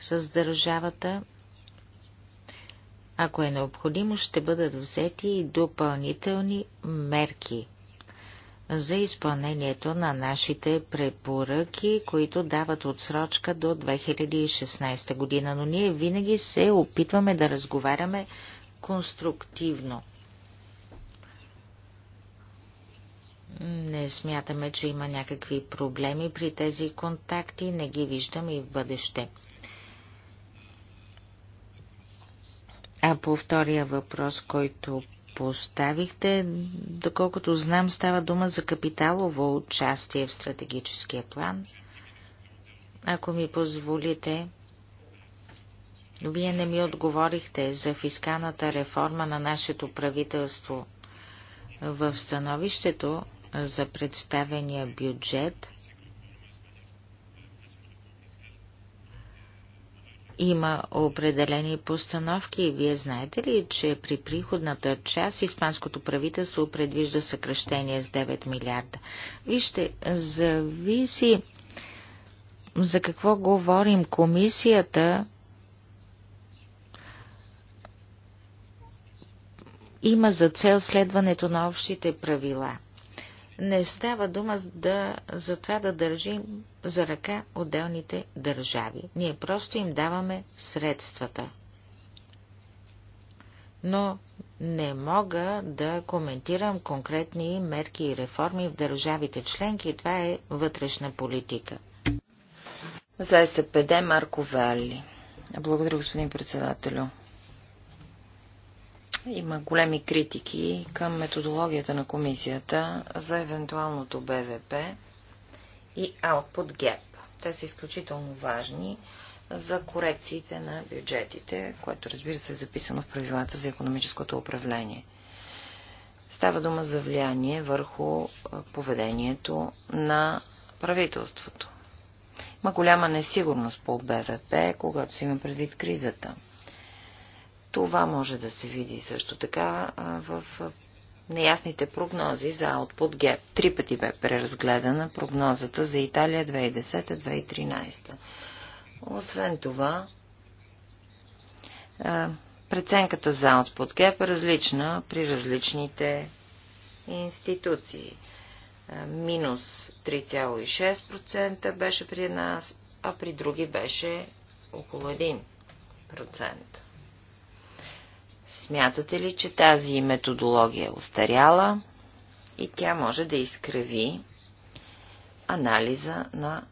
с държавата ако е необходимо, ще бъдат взети и допълнителни мерки за изпълнението на нашите препоръки, които дават отсрочка до 2016 година. Но ние винаги се опитваме да разговаряме конструктивно. Не смятаме, че има някакви проблеми при тези контакти, не ги виждаме и в бъдеще. А по втория въпрос, който поставихте, доколкото знам, става дума за капиталово участие в стратегическия план. Ако ми позволите, вие не ми отговорихте за фискалната реформа на нашето правителство. В становището за представения бюджет – има определени постановки и вие знаете ли, че при приходната част испанското правителство предвижда съкръщение с 9 милиарда. Вижте, зависи за какво говорим. Комисията има за цел следването на общите правила – не става дума да, за това да държим за ръка отделните държави. Ние просто им даваме средствата. Но не мога да коментирам конкретни мерки и реформи в държавите членки. Това е вътрешна политика. За СПД Марко Вали. Благодаря, господин председателю.
Има големи критики към методологията на комисията за евентуалното БВП и Output Gap. Те са изключително важни за корекциите на бюджетите, което разбира се е записано в правилата за економическото управление. Става дума за влияние върху поведението на правителството. Има голяма несигурност по БВП, когато си има предвид кризата – това може да се види също така в неясните прогнози за Output Gap. Три пъти бе преразгледана прогнозата за Италия 2010-2013. Освен това, преценката за Output Gap е различна при различните институции. Минус 3,6% беше при нас, а при други беше около 1%. Смятате ли, че тази методология е устаряла и тя може да изкриви анализа на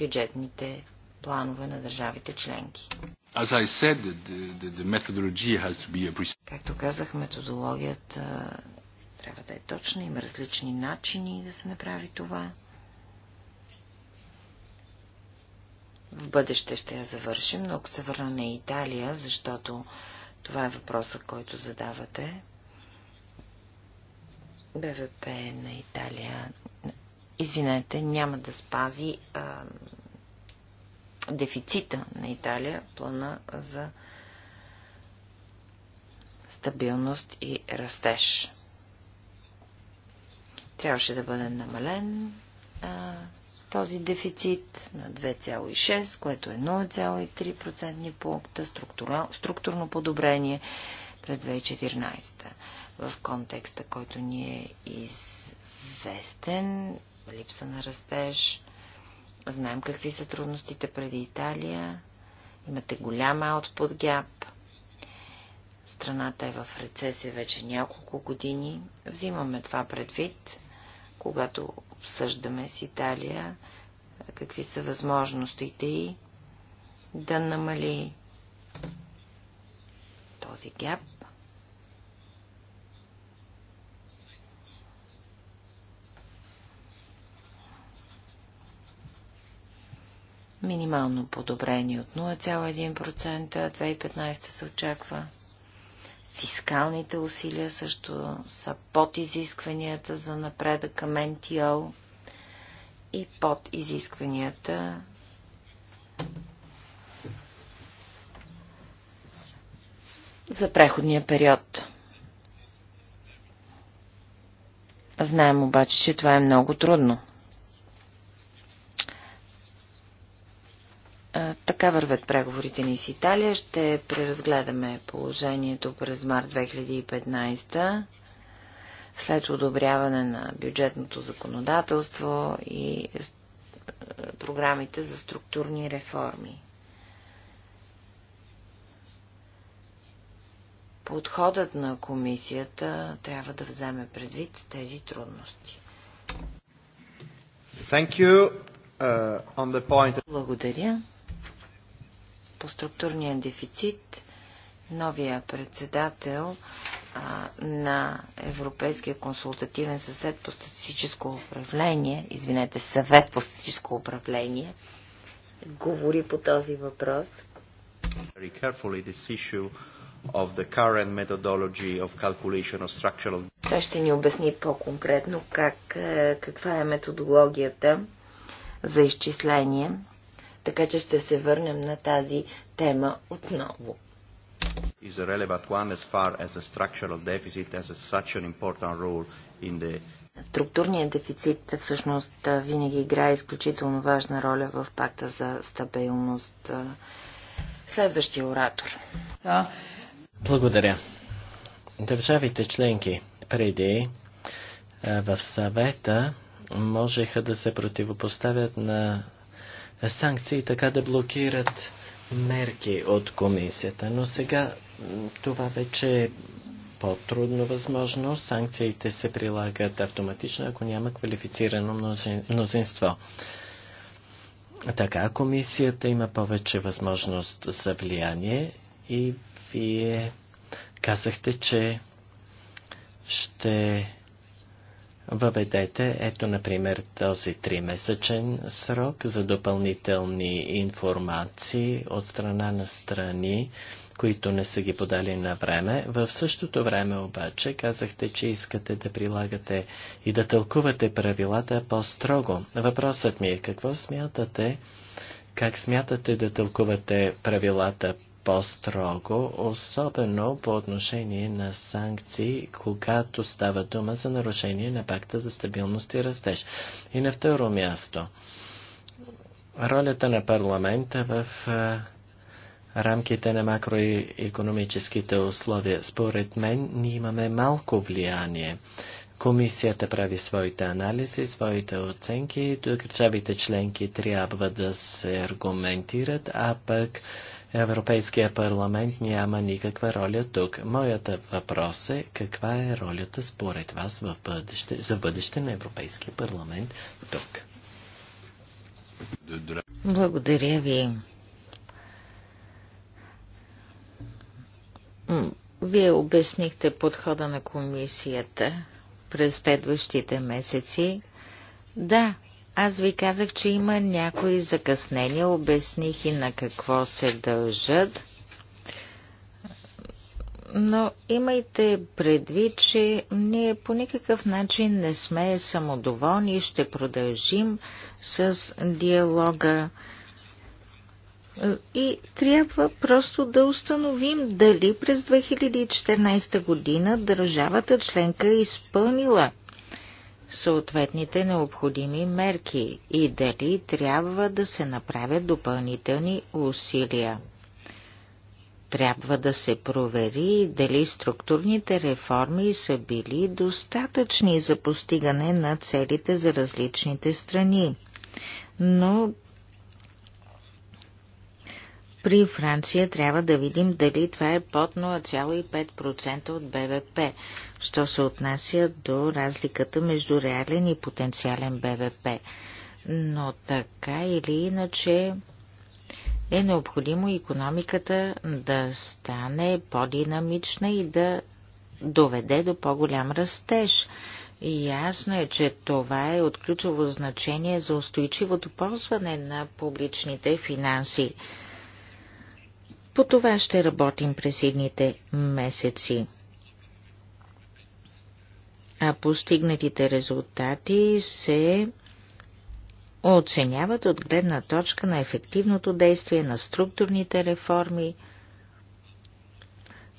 бюджетните планове на държавите членки?
Said, the, the a...
Както казах, методологията трябва да е точна, има различни начини да се направи това. В бъдеще ще я завършим, но ако се върна на Италия, защото това е въпросът, който задавате. БВП на Италия, извинете, няма да спази а, дефицита на Италия, плана за стабилност и растеж. Трябваше да бъде намален а, този дефицит на 2,6, което е 0,3% пункта структурно подобрение през 2014. В контекста, който ни е известен, липса на растеж, знаем какви са трудностите преди Италия, имате голям output gap, страната е в рецесия вече няколко години. Взимаме това предвид, когато обсъждаме с Италия какви са възможностите и да намали този гяп. Минимално подобрение от 0,1%, 2015 се очаква. Фискалните усилия също са под изискванията за напредък към НТО и под изискванията за преходния период. Знаем обаче, че това е много трудно. Така вървят преговорите ни с Италия. Ще преразгледаме положението през март 2015 след одобряване на бюджетното законодателство и е, програмите за структурни реформи. Подходът на комисията трябва да вземе предвид тези трудности. Thank you, uh, on the point. Благодаря. По структурния дефицит новия председател а, на Европейския консултативен съвет по статистическо управление, извинете, съвет по статистическо управление, говори по този въпрос. Of... Той ще ни обясни по-конкретно как, е, каква е методологията за изчисление така че ще се върнем на тази тема отново.
is a relevant one as far as the structural deficit has such an important role in the
Структурният дефицит е, всъщност е, винаги играе изключително важна роля в пакта за стабилност. Е, следващия оратор. Да.
Благодаря. Държавите членки преди в съвета можеха да се противопоставят на санкции, така да блокират мерки от комисията. Но сега това вече е по-трудно възможно. Санкциите се прилагат автоматично, ако няма квалифицирано мнозинство. Така комисията има повече възможност за влияние и вие казахте, че ще въведете, ето, например, този тримесечен срок за допълнителни информации от страна на страни, които не са ги подали на време. В същото време обаче казахте, че искате да прилагате и да тълкувате правилата по-строго. Въпросът ми е какво смятате, как смятате да тълкувате правилата по-строго, особено по отношение на санкции, когато става дума за нарушение на пакта за стабилност и растеж. И на второ място, ролята на парламента в рамките на макроекономическите условия. Според мен ние имаме малко влияние. Комисията прави своите анализи, своите оценки, държавите членки трябва да се аргументират, а пък Европейския парламент няма никаква роля тук. Моята въпрос е каква е ролята според вас в бъдеще, за бъдеще на Европейския парламент тук.
Благодаря ви. Вие обяснихте подхода на комисията през следващите месеци. Да, аз ви казах, че има някои закъснения, обясних и на какво се дължат. Но имайте предвид, че ние по никакъв начин не сме самодоволни и ще продължим с диалога. И трябва просто да установим дали през 2014 година държавата членка е изпълнила съответните необходими мерки и дали трябва да се направят допълнителни усилия. Трябва да се провери дали структурните реформи са били достатъчни за постигане на целите за различните страни. Но при Франция трябва да видим дали това е под 0,5% от БВП, що се отнася до разликата между реален и потенциален БВП. Но така или иначе е необходимо економиката да стане по-динамична и да доведе до по-голям растеж. Ясно е, че това е от ключово значение за устойчивото ползване на публичните финанси. По това ще работим през едните месеци. А постигнатите резултати се оценяват от гледна точка на ефективното действие на структурните реформи.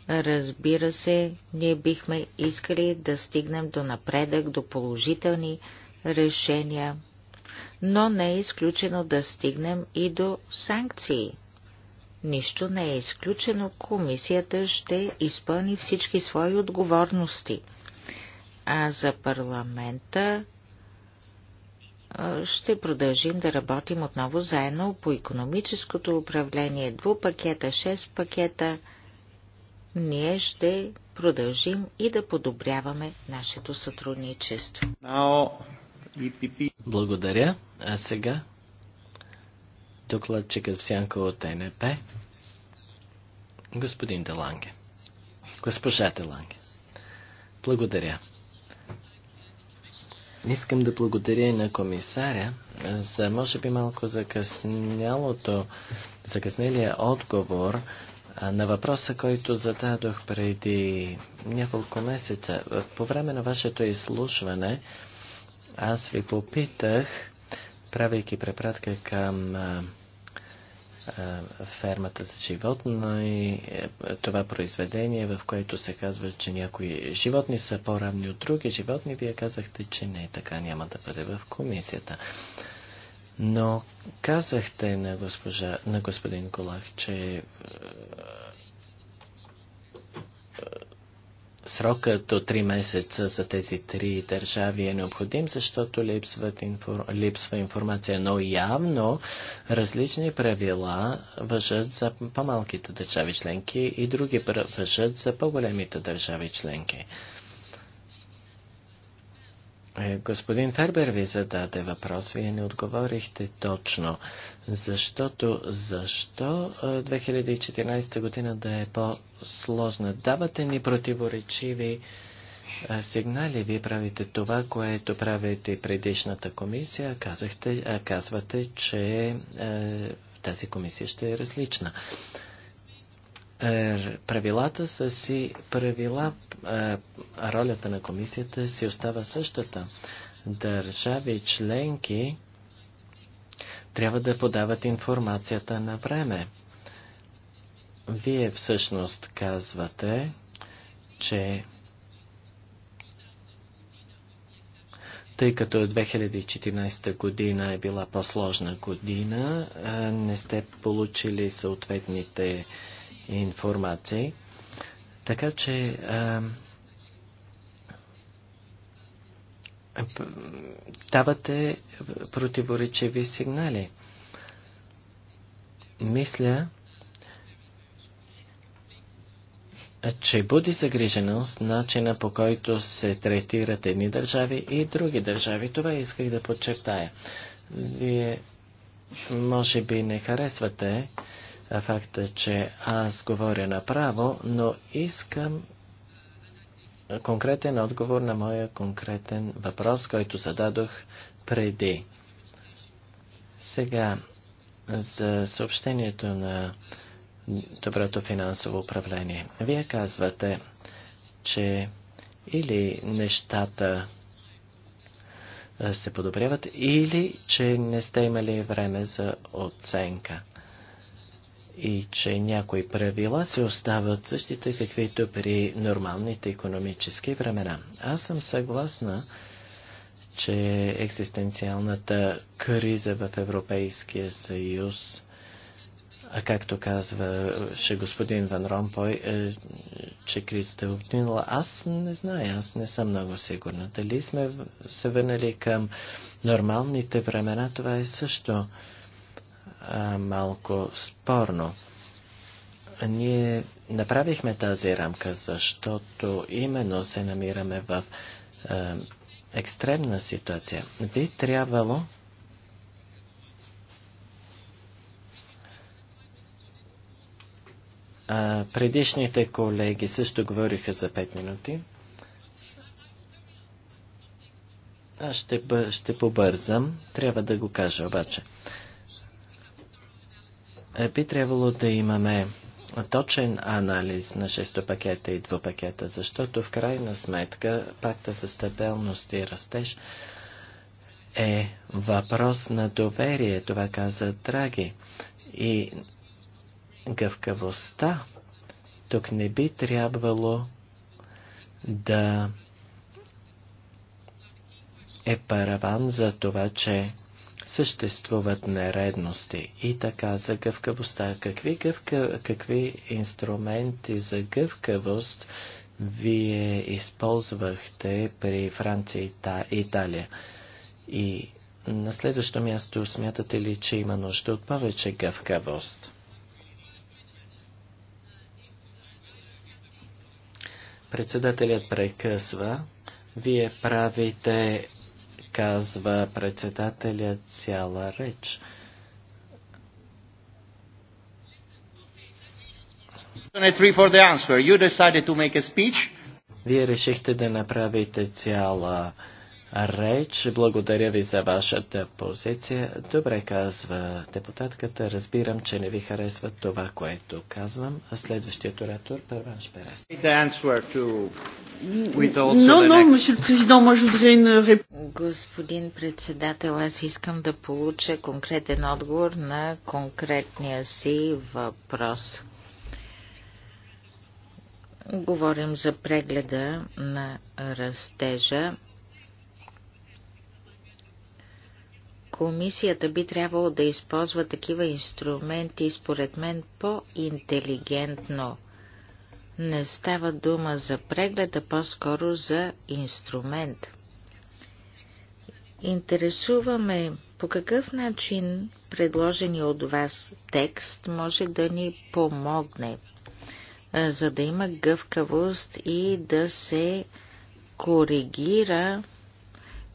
Разбира се, ние бихме искали да стигнем до напредък, до положителни решения, но не е изключено да стигнем и до санкции Нищо не е изключено, комисията ще изпълни всички свои отговорности. А за парламента ще продължим да работим отново заедно по економическото управление. пакета, шест пакета. Ние ще продължим и да подобряваме нашето сътрудничество.
E Благодаря. А сега докладчикът в сянка от НП, господин Деланге. Госпожа Деланге. Благодаря. Искам да благодаря и на комисаря за, може би, малко закъснялото, закъснелия отговор на въпроса, който зададох преди няколко месеца. По време на вашето изслушване аз ви попитах, правейки препратка към фермата за животно и е, това произведение, в което се казва, че някои животни са по-равни от други животни, вие казахте, че не, така няма да бъде в комисията. Но казахте на, госпожа, на господин Колах, че е, Срокът от три месеца за тези три държави е необходим, защото инфор... липсва информация, но явно различни правила въжат за по-малките държави членки и други въжат за по-големите държави членки. Е, господин Фербер ви зададе въпрос, вие не отговорихте точно, защото защо 2014 е, година да е по-сложна? Давате ни противоречиви е, сигнали, вие правите това, което правите предишната комисия, казахте, казвате, че тази комисия ще е различна. Е, правилата са си правила, е, ролята на комисията си остава същата. Държави членки трябва да подават информацията на време. Вие всъщност казвате, че тъй като 2014 година е била по-сложна година, е, не сте получили съответните информации. Така че а, давате противоречиви сигнали. Мисля, че буди загриженост начина по който се третират едни държави и други държави. Това исках да подчертая. Вие може би не харесвате факта, че аз говоря направо, но искам конкретен отговор на моя конкретен въпрос, който зададох преди. Сега, за съобщението на доброто финансово управление. Вие казвате, че или нещата се подобряват, или че не сте имали време за оценка и че някои правила се остават същите, каквито при нормалните економически времена. Аз съм съгласна, че екзистенциалната криза в Европейския съюз, а както казваше господин Ван Ромпой, е, че кризата е обминала, аз не знам, аз не съм много сигурна. Дали сме се върнали към нормалните времена, това е също а, малко спорно. Ние направихме тази рамка, защото именно се намираме в а, екстремна ситуация. Би трябвало а, предишните колеги също говориха за 5 минути. Аз ще, ще побързам, трябва да го кажа обаче. Е, би трябвало да имаме точен анализ на шестопакета и пакета, защото в крайна сметка пакта за стабилност и растеж е въпрос на доверие, това каза Драги. И гъвкавостта тук не би трябвало да е параван за това, че съществуват нередности. И така за гъвкавостта. Какви, гъвка, какви инструменти за гъвкавост вие използвахте при Франция и Италия? И на следващо място смятате ли, че има нужда от повече гъвкавост? Председателят прекъсва. Вие правите казва председателя цяла реч. Вие решихте да направите цяла реч реч. Благодаря ви за вашата позиция. Добре казва депутатката. Разбирам, че не ви харесва това, което казвам. А следващият оратор, Първан Шперес.
Господин председател, аз искам да получа конкретен отговор на конкретния си въпрос. Говорим за прегледа на растежа Комисията би трябвало да използва такива инструменти, според мен, по-интелигентно. Не става дума за преглед, а по-скоро за инструмент. Интересуваме по какъв начин предложения от вас текст може да ни помогне, за да има гъвкавост и да се коригира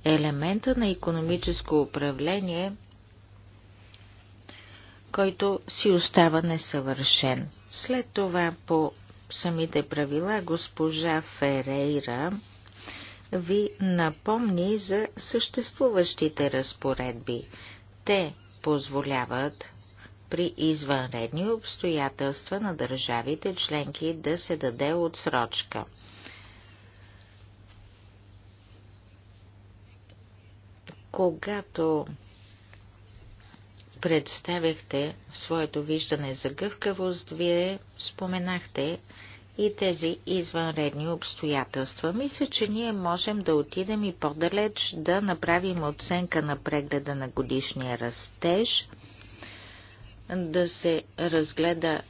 елемента на економическо управление, който си остава несъвършен. След това по самите правила госпожа Ферейра ви напомни за съществуващите разпоредби. Те позволяват при извънредни обстоятелства на държавите членки да се даде отсрочка – Когато представяхте своето виждане за гъвкавост, вие споменахте и тези извънредни обстоятелства. Мисля, че ние можем да отидем и по-далеч, да направим оценка на прегледа на годишния растеж, да се разгледа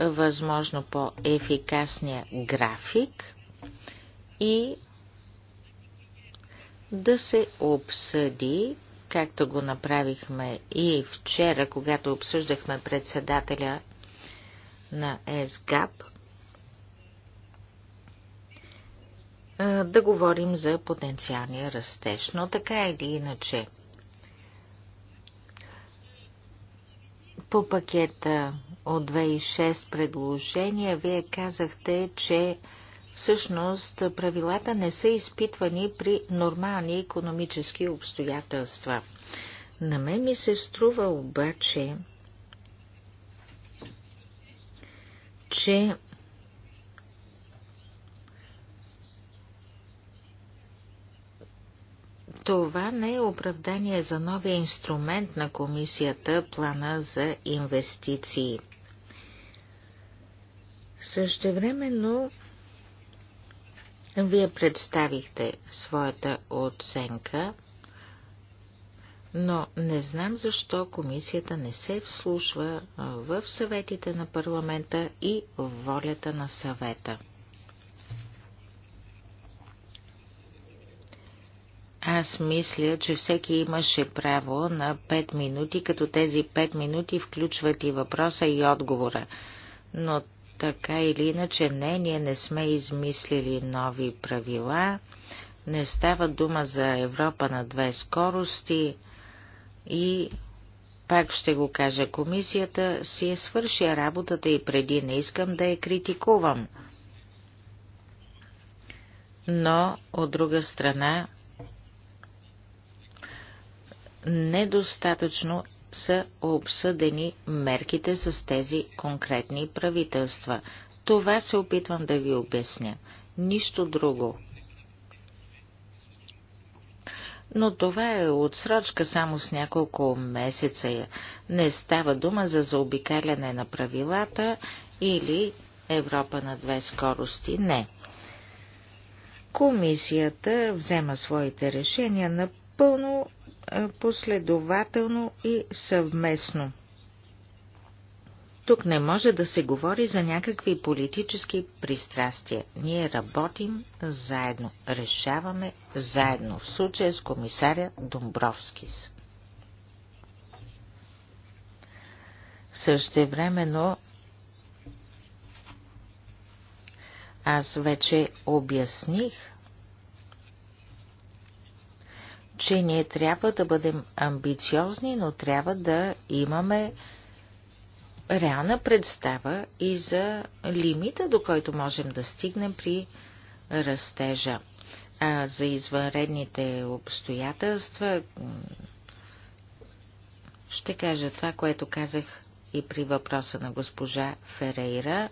възможно по-ефикасния график и да се обсъди, както го направихме и вчера, когато обсъждахме председателя на СГАП, да говорим за потенциалния растеж. Но така или иначе, по пакета от 26 предложения, вие казахте, че всъщност правилата не са изпитвани при нормални економически обстоятелства. На мен ми се струва обаче, че това не е оправдание за новия инструмент на комисията плана за инвестиции. Същевременно вие представихте своята оценка, но не знам защо комисията не се вслушва в съветите на парламента и в волята на съвета. Аз мисля, че всеки имаше право на 5 минути, като тези 5 минути включват и въпроса и отговора. Но така или иначе, не, ние не сме измислили нови правила. Не става дума за Европа на две скорости и пак ще го кажа, комисията си е свърши работата и преди не искам да я критикувам. Но, от друга страна, недостатъчно са обсъдени мерките с тези конкретни правителства. Това се опитвам да ви обясня. Нищо друго. Но това е отсрочка само с няколко месеца. Не става дума за заобикаляне на правилата или Европа на две скорости. Не. Комисията взема своите решения напълно последователно и съвместно. Тук не може да се говори за някакви политически пристрастия. Ние работим заедно, решаваме заедно, в случая с комисаря Домбровскис. Същевременно аз вече обясних че ние трябва да бъдем амбициозни, но трябва да имаме реална представа и за лимита, до който можем да стигнем при растежа. А за извънредните обстоятелства ще кажа това, което казах и при въпроса на госпожа Ферейра.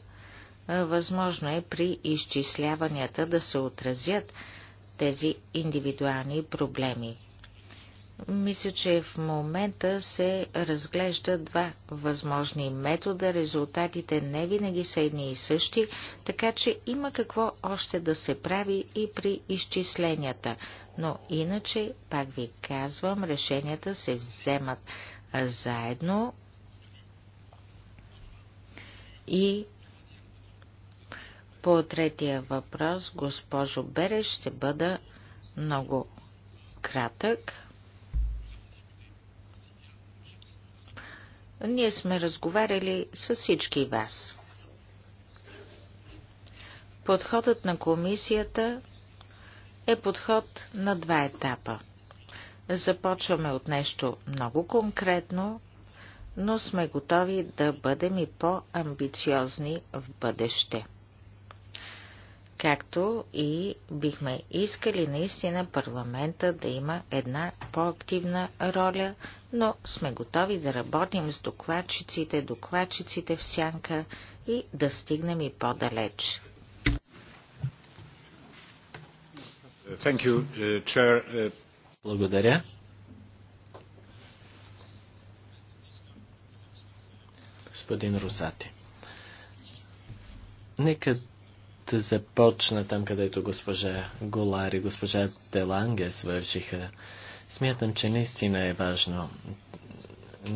Възможно е при изчисляванията да се отразят тези индивидуални проблеми. Мисля, че в момента се разглеждат два възможни метода. Резултатите не винаги са едни и същи, така че има какво още да се прави и при изчисленията. Но иначе, пак ви казвам, решенията се вземат заедно и по третия въпрос, госпожо Бере, ще бъда много кратък. Ние сме разговаряли с всички вас. Подходът на комисията е подход на два етапа. Започваме от нещо много конкретно, но сме готови да бъдем и по-амбициозни в бъдеще както и бихме искали наистина парламента да има една по-активна роля, но сме готови да работим с докладчиците, докладчиците в сянка и да стигнем и по-далеч.
Uh,
uh, Благодаря. Господин Русати. Нека ще започна там, където госпожа Голар и госпожа Деланге свършиха. Смятам, че наистина е важно.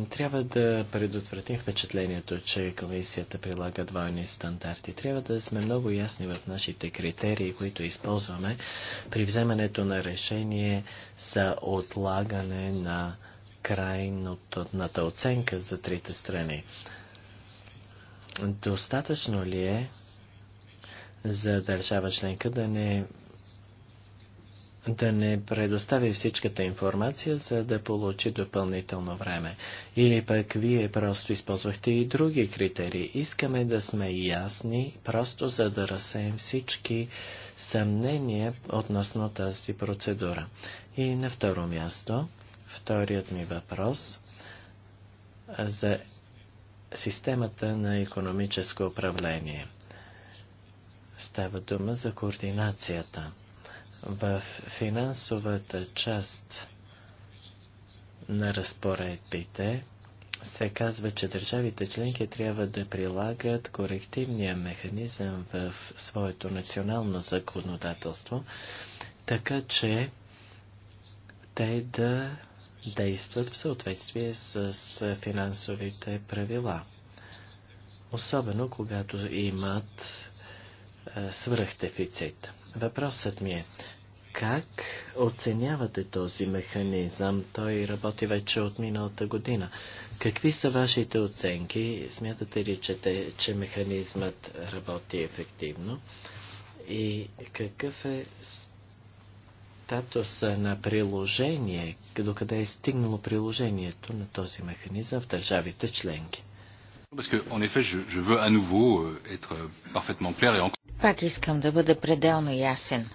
Трябва да предотвратим впечатлението, че комисията прилага двойни стандарти. Трябва да сме много ясни в нашите критерии, които използваме при вземането на решение за отлагане на крайната оценка за трите страни. Достатъчно ли е за държава членка да не, да не предостави всичката информация, за да получи допълнително време. Или пък вие просто използвахте и други критерии. Искаме да сме ясни, просто за да разсеем всички съмнения относно тази процедура. И на второ място, вторият ми въпрос за системата на економическо управление – Става дума за координацията. В финансовата част на разпоредбите се казва, че държавите членки трябва да прилагат корективния механизъм в своето национално законодателство, така че те да действат в съответствие с финансовите правила. Особено когато имат е, свръхдефицит. Въпросът ми е, как оценявате този механизъм? Той работи вече от миналата година. Какви са вашите оценки? Смятате ли, че, те, че механизмът работи ефективно? И какъв е статуса на приложение, докъде е стигнало приложението на този механизъм в държавите членки?
Пак искам да бъда пределно ясен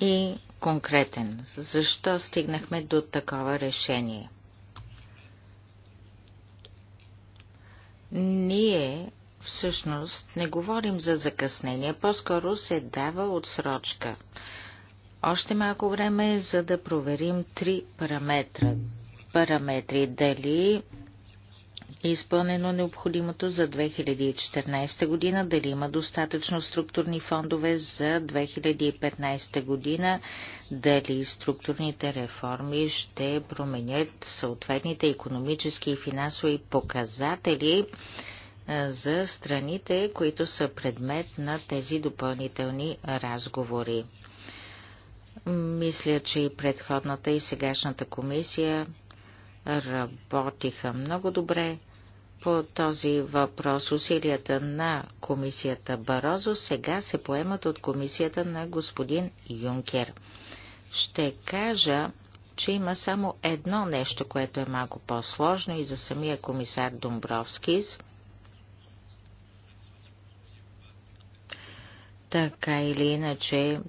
и конкретен. Защо стигнахме до такова решение? Ние всъщност не говорим за закъснение, по-скоро се дава отсрочка. Още малко време, е, за да проверим три параметра. Параметри дали е изпълнено необходимото за 2014 година, дали има достатъчно структурни фондове за 2015 година, дали структурните реформи ще променят съответните економически и финансови показатели е, за страните, които са предмет на тези допълнителни разговори. Мисля, че и предходната и сегашната комисия работиха много добре по този въпрос. Усилията на комисията Барозо сега се поемат от комисията на господин Юнкер. Ще кажа, че има само едно нещо, което е малко по-сложно и за самия комисар Домбровскис. Така или иначе,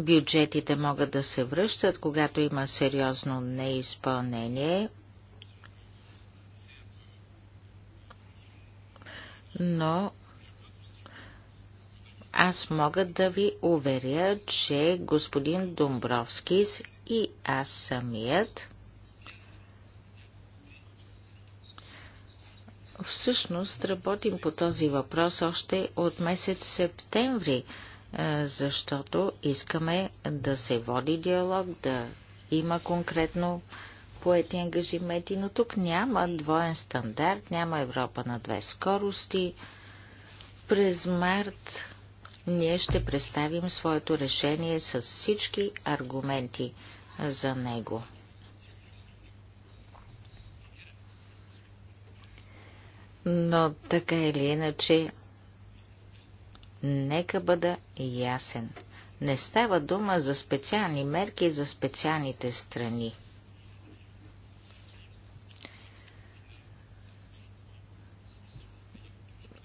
Бюджетите могат да се връщат, когато има сериозно неизпълнение, но аз мога да ви уверя, че господин Домбровски и аз самият всъщност работим по този въпрос още от месец септември – защото искаме да се води диалог, да има конкретно поети ангажименти, но тук няма двоен стандарт, няма Европа на две скорости. През март ние ще представим своето решение с всички аргументи за него. Но така или иначе Нека бъда ясен. Не става дума за специални мерки за специалните страни.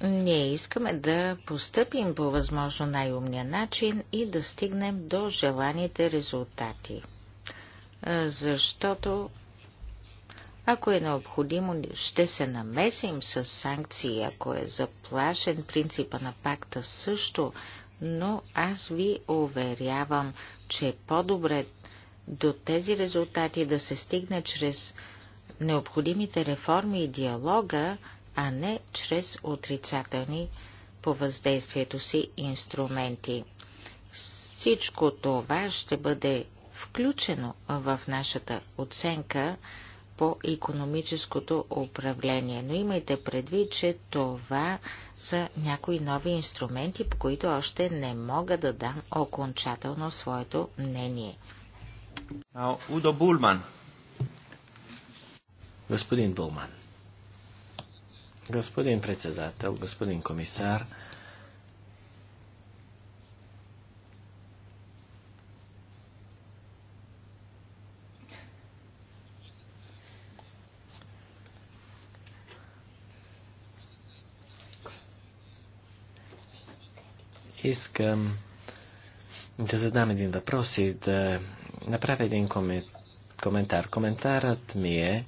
Ние искаме да постъпим по възможно най-умния начин и да стигнем до желаните резултати. Защото ако е необходимо, ще се намесим с санкции, ако е заплашен принципа на пакта също, но аз ви уверявам, че е по-добре до тези резултати да се стигне чрез необходимите реформи и диалога, а не чрез отрицателни по въздействието си инструменти. Всичко това ще бъде включено в нашата оценка по економическото управление. Но имайте предвид, че това са някои нови инструменти, по които още не мога да дам окончателно своето мнение. Удо Булман.
Господин Булман. Господин председател, господин комисар, Искам да задам един въпрос и да направя един коментар. Коментарът ми е,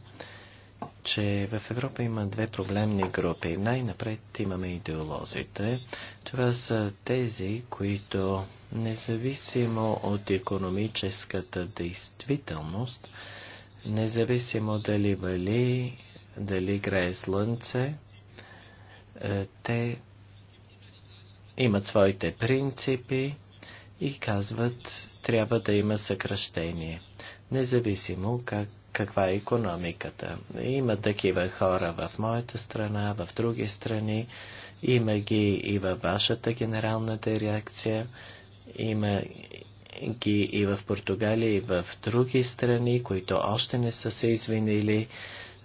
че в Европа има две проблемни групи. Най-напред имаме идеолозите. Това са тези, които независимо от економическата действителност, независимо дали вали, дали грее слънце, е, те имат своите принципи и казват, трябва да има съкръщение, независимо как, каква е економиката. Има такива хора в моята страна, в други страни, има ги и във вашата генерална дирекция, има ги и в Португалия, и в други страни, които още не са се извинили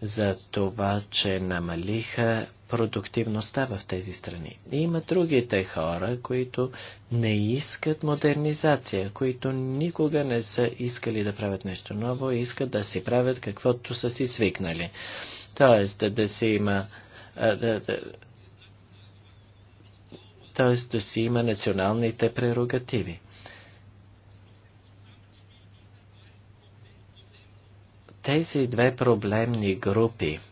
за това, че намалиха продуктивността в тези страни. И има другите хора, които не искат модернизация, които никога не са искали да правят нещо ново, искат да си правят каквото са си свикнали. Тоест да, да си има. Да, да, т.е. да си има националните прерогативи. Тези две проблемни групи –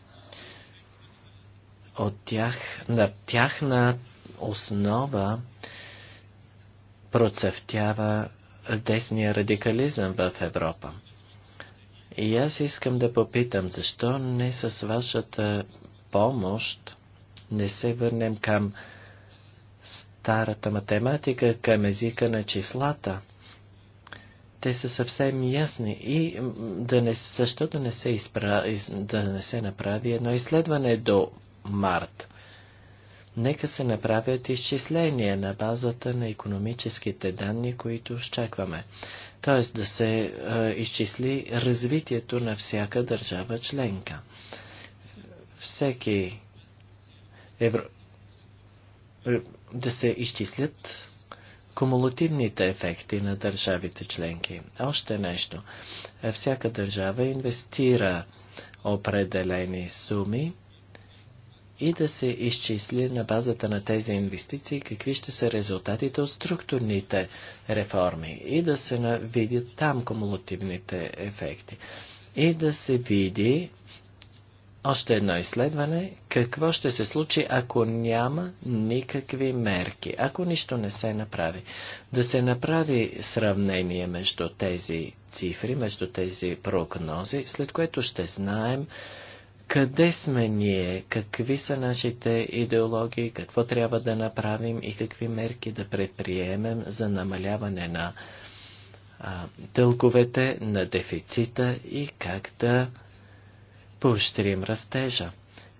от тях, на тяхна основа процъфтява десния радикализъм в Европа. И аз искам да попитам, защо не с вашата помощ не се върнем към старата математика, към езика на числата? Те са съвсем ясни и да не, защо да не се, изпра, да не се направи едно изследване до март. Нека се направят изчисления на базата на економическите данни, които очакваме. Т.е. да се е, изчисли развитието на всяка държава членка. Всеки евро... Е, да се изчислят кумулативните ефекти на държавите членки. Още нещо. Всяка държава инвестира определени суми и да се изчисли на базата на тези инвестиции какви ще са резултатите от структурните реформи и да се видят там кумулативните ефекти и да се види още едно изследване, какво ще се случи, ако няма никакви мерки, ако нищо не се направи. Да се направи сравнение между тези цифри, между тези прогнози, след което ще знаем къде сме ние, какви са нашите идеологии, какво трябва да направим и какви мерки да предприемем за намаляване на а, дълговете, на дефицита и как да поощрим растежа.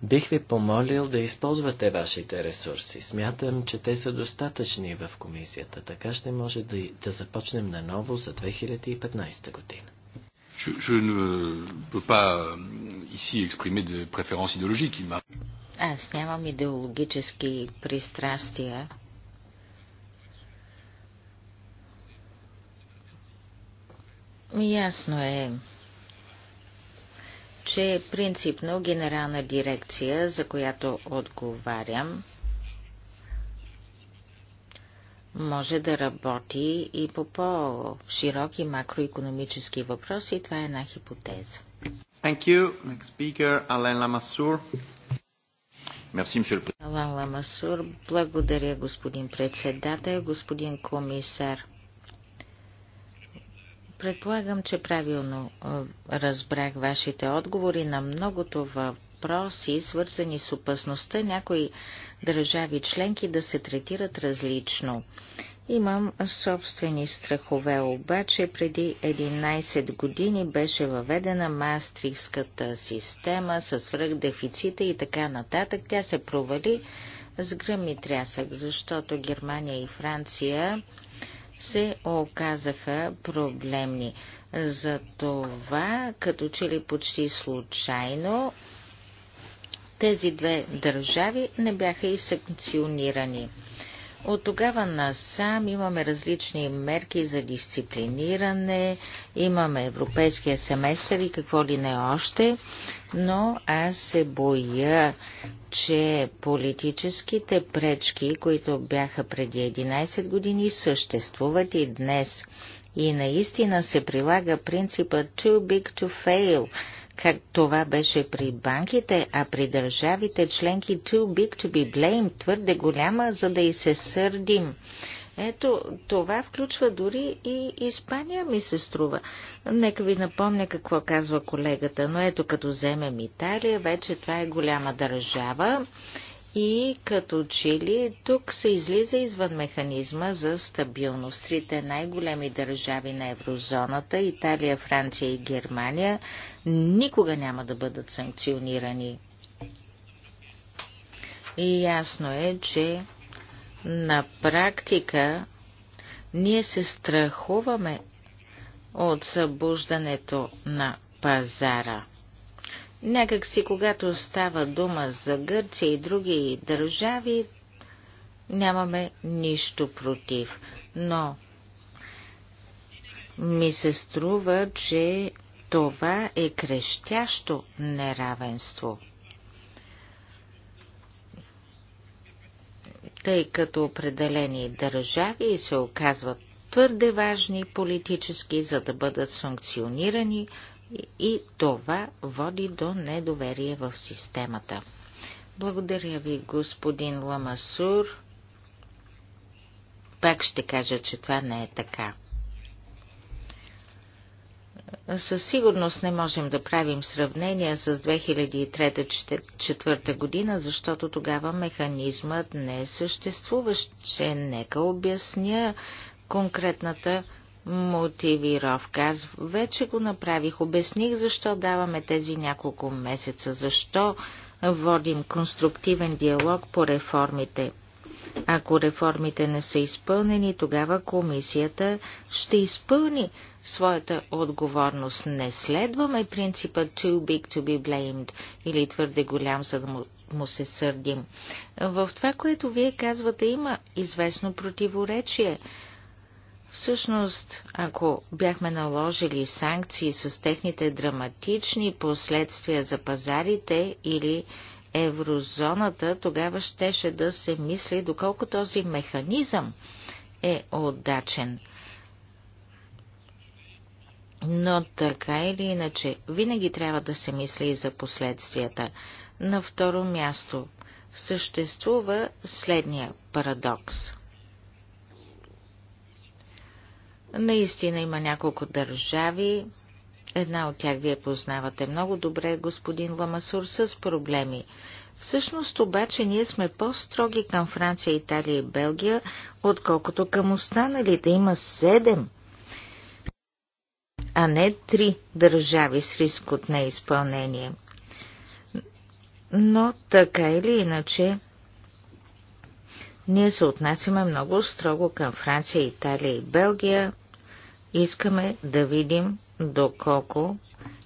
Бих ви помолил да използвате вашите ресурси. Смятам, че те са достатъчни в комисията. Така ще може да, да започнем наново за 2015 година.
Je, ne peux pas euh, ici exprimer des préférences idéologiques.
Аз нямам идеологически пристрастия. Ясно е, че принципно генерална дирекция, за която отговарям, може да работи и по по-широки макроекономически въпроси. Това е една хипотеза.
Thank you. Next speaker, Alain Lamassoure. Merci,
Алан Ламасур, благодаря господин председател, господин комисар. Предполагам, че правилно разбрах вашите отговори на многото въпроси въпроси, свързани с опасността някои държави членки да се третират различно. Имам собствени страхове, обаче преди 11 години беше въведена мастрихската система с свръхдефицита и така нататък. Тя се провали с гръм и трясък, защото Германия и Франция се оказаха проблемни. за това, като че ли почти случайно, тези две държави не бяха и санкционирани. От тогава насам имаме различни мерки за дисциплиниране, имаме европейския семестър и какво ли не още, но аз се боя, че политическите пречки, които бяха преди 11 години, съществуват и днес. И наистина се прилага принципът too big to fail – как това беше при банките, а при държавите членки too big to be blamed, твърде голяма, за да и се сърдим. Ето, това включва дори и Испания, ми се струва. Нека ви напомня какво казва колегата, но ето като вземем Италия, вече това е голяма държава и като че ли тук се излиза извън механизма за стабилност. Трите най-големи държави на еврозоната Италия, Франция и Германия никога няма да бъдат санкционирани. И ясно е, че на практика ние се страхуваме от събуждането на пазара. Някак си, когато става дума за Гърция и други държави, нямаме нищо против. Но ми се струва, че това е крещящо неравенство. Тъй като определени държави се оказват твърде важни политически, за да бъдат санкционирани, и това води до недоверие в системата. Благодаря ви, господин Ламасур. Пак ще кажа, че това не е така. Със сигурност не можем да правим сравнения с 2003-2004 година, защото тогава механизмът не е съществуващ. Че нека обясня конкретната мотивировка. Аз вече го направих. Обясних защо даваме тези няколко месеца, защо водим конструктивен диалог по реформите. Ако реформите не са изпълнени, тогава комисията ще изпълни своята отговорност. Не следваме принципа too big to be blamed или твърде голям, за да му, му се сърдим. В това, което вие казвате, има известно противоречие. Всъщност, ако бяхме наложили санкции с техните драматични последствия за пазарите или еврозоната, тогава щеше да се мисли доколко този механизъм е отдачен. Но така или иначе, винаги трябва да се мисли и за последствията. На второ място съществува следния парадокс – Наистина има няколко държави, една от тях вие познавате много добре, господин Ламасур, с проблеми. Всъщност обаче ние сме по-строги към Франция, Италия и Белгия, отколкото към останалите. Има седем, а не три държави с риск от неизпълнение. Но така или иначе, ние се отнасяме много строго към Франция, Италия и Белгия, Искаме да видим доколко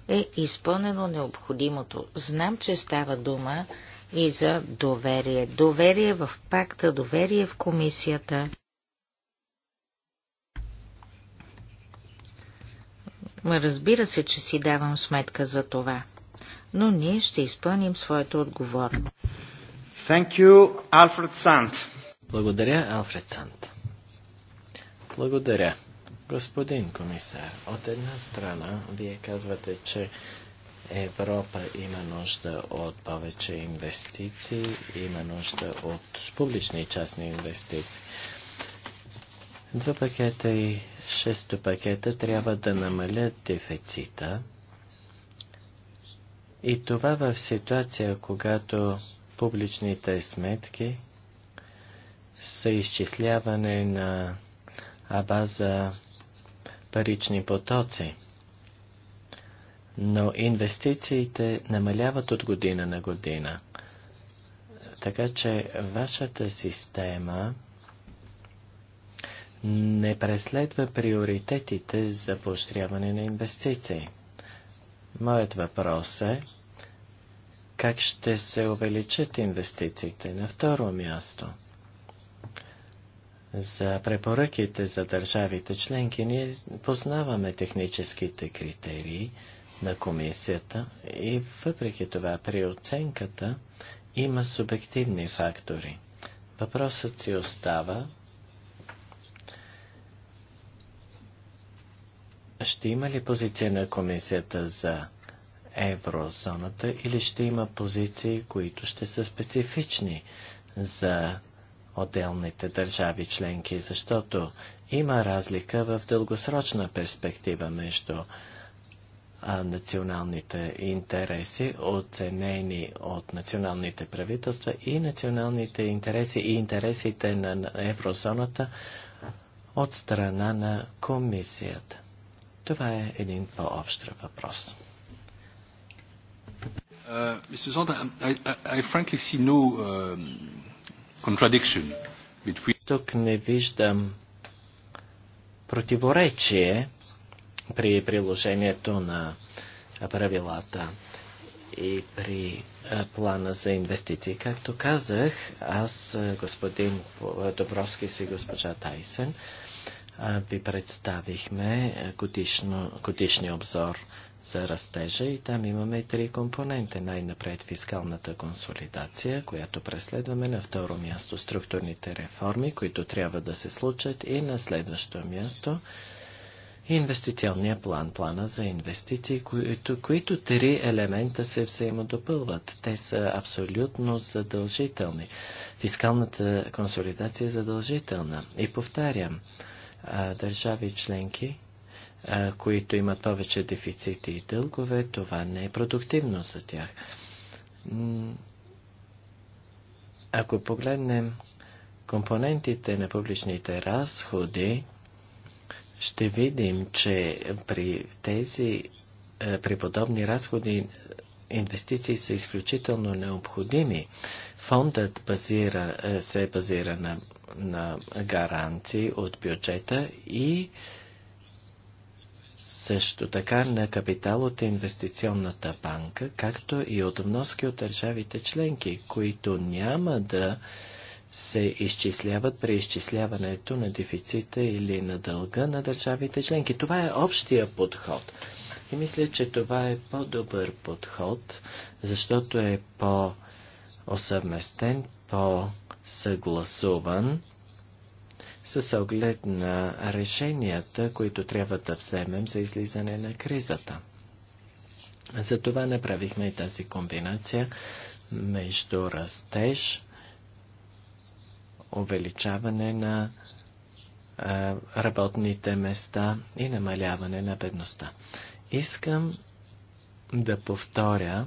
е изпълнено необходимото. Знам, че става дума и за доверие. Доверие в пакта, доверие в комисията. Разбира се, че си давам сметка за това, но ние ще изпълним своето отговор.
Thank you, Alfred Sand. Благодаря, Алфред Сант. Благодаря. Господин комисар, от една страна, вие казвате, че Европа има нужда от повече инвестиции, има нужда от публични и частни инвестиции. Два пакета и шесто пакета трябва да намалят дефицита. И това в ситуация, когато публичните сметки са изчисляване на база парични потоци. Но инвестициите намаляват от година на година. Така че вашата система не преследва приоритетите за поощряване на инвестиции. Моят въпрос е как ще се увеличат инвестициите на второ място – за препоръките за държавите членки, ние познаваме техническите критерии на комисията и въпреки това при оценката има субективни фактори. Въпросът си остава ще има ли позиция на комисията за еврозоната или ще има позиции, които ще са специфични за отделните държави членки, защото има разлика в дългосрочна перспектива между а, националните интереси, оценени от националните правителства и националните интереси и интересите на еврозоната от страна на комисията. Това е един по-общ въпрос.
Uh, Mr. Zonda, I, I, I frankly see no um,
between... Тук не виждам противоречие при приложението на правилата и при плана за инвестиции. Както казах, аз, господин Добровски и госпожа Тайсен, ви представихме годишно, годишния обзор за растежа и там имаме три компонента. Най-напред фискалната консолидация, която преследваме на второ място структурните реформи, които трябва да се случат и на следващо място инвестиционния план, плана за инвестиции, които, които три елемента се взаимодопълват. Те са абсолютно задължителни. Фискалната консолидация е задължителна. И повтарям, държави членки които имат повече дефицити и дългове, това не е продуктивно за тях. Ако погледнем компонентите на публичните разходи, ще видим, че при тези, при подобни разходи инвестиции са изключително необходими. Фондът базира, се базира на, на гаранции от бюджета и също така на капитал от инвестиционната банка, както и от вноски от държавите членки, които няма да се изчисляват при изчисляването на дефицита или на дълга на държавите членки. Това е общия подход. И мисля, че това е по-добър подход, защото е по-осъвместен, по-съгласуван с оглед на решенията, които трябва да вземем за излизане на кризата. Затова направихме и тази комбинация между растеж, увеличаване на а, работните места и намаляване на бедността. Искам да повторя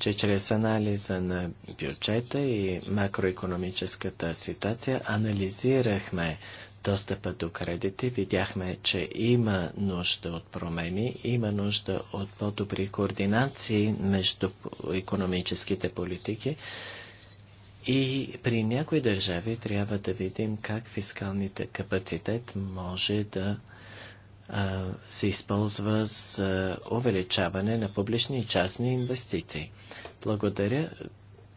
че чрез анализа на бюджета и макроекономическата ситуация анализирахме достъпа до кредити, видяхме, че има нужда от промени, има нужда от по-добри координации между економическите политики и при някои държави трябва да видим как фискалните капацитет може да се използва за увеличаване на публични и частни инвестиции. Благодаря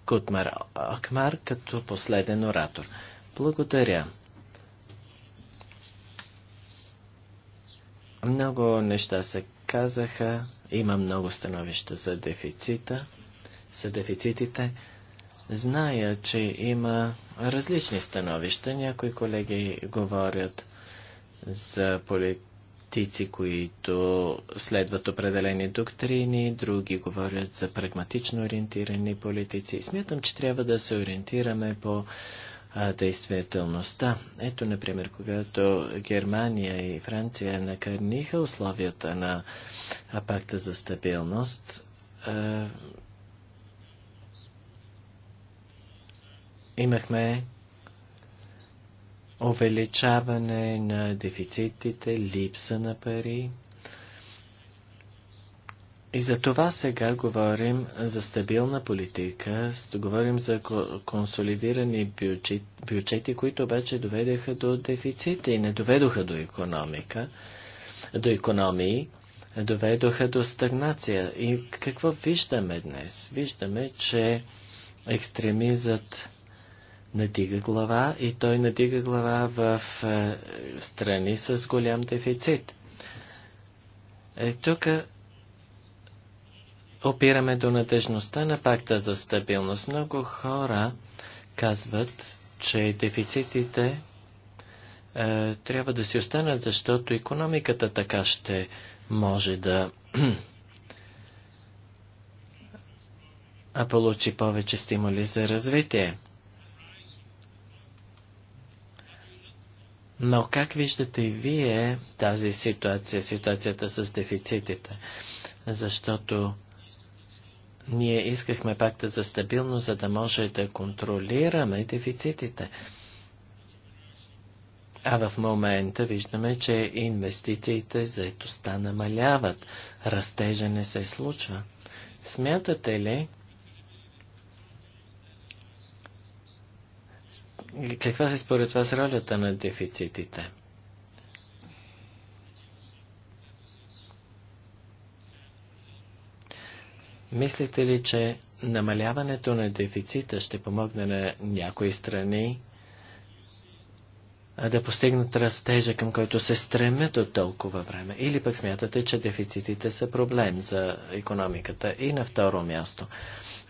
Кутмар Акмар като последен оратор. Благодаря. Много неща се казаха. Има много становища за дефицита, за дефицитите. Зная, че има различни становища. Някои колеги говорят за полит политици, които следват определени доктрини, други говорят за прагматично ориентирани политици. Смятам, че трябва да се ориентираме по а, действителността. Ето, например, когато Германия и Франция накърниха условията на пакта за стабилност, а, имахме увеличаване на дефицитите, липса на пари. И за това сега говорим за стабилна политика, говорим за консолидирани бюджети, бюджети, които обаче доведеха до дефицити и не доведоха до економика, до економии, доведоха до стагнация. И какво виждаме днес? Виждаме, че екстремизът надига глава и той надига глава в е, страни с голям дефицит. Е, тук опираме до надежността на пакта за стабилност. Много хора казват, че дефицитите е, трябва да си останат, защото економиката така ще може да а получи повече стимули за развитие. Но как виждате и вие тази ситуация, ситуацията с дефицитите? Защото ние искахме пакта за стабилност, за да може да контролираме дефицитите. А в момента виждаме, че инвестициите за етоста намаляват. Растежа не се случва. Смятате ли, Каква е според вас ролята на дефицитите? Мислите ли, че намаляването на дефицита ще помогне на някои страни да постигнат растежа, към който се стремят от толкова време? Или пък смятате, че дефицитите са проблем за економиката? И на второ място,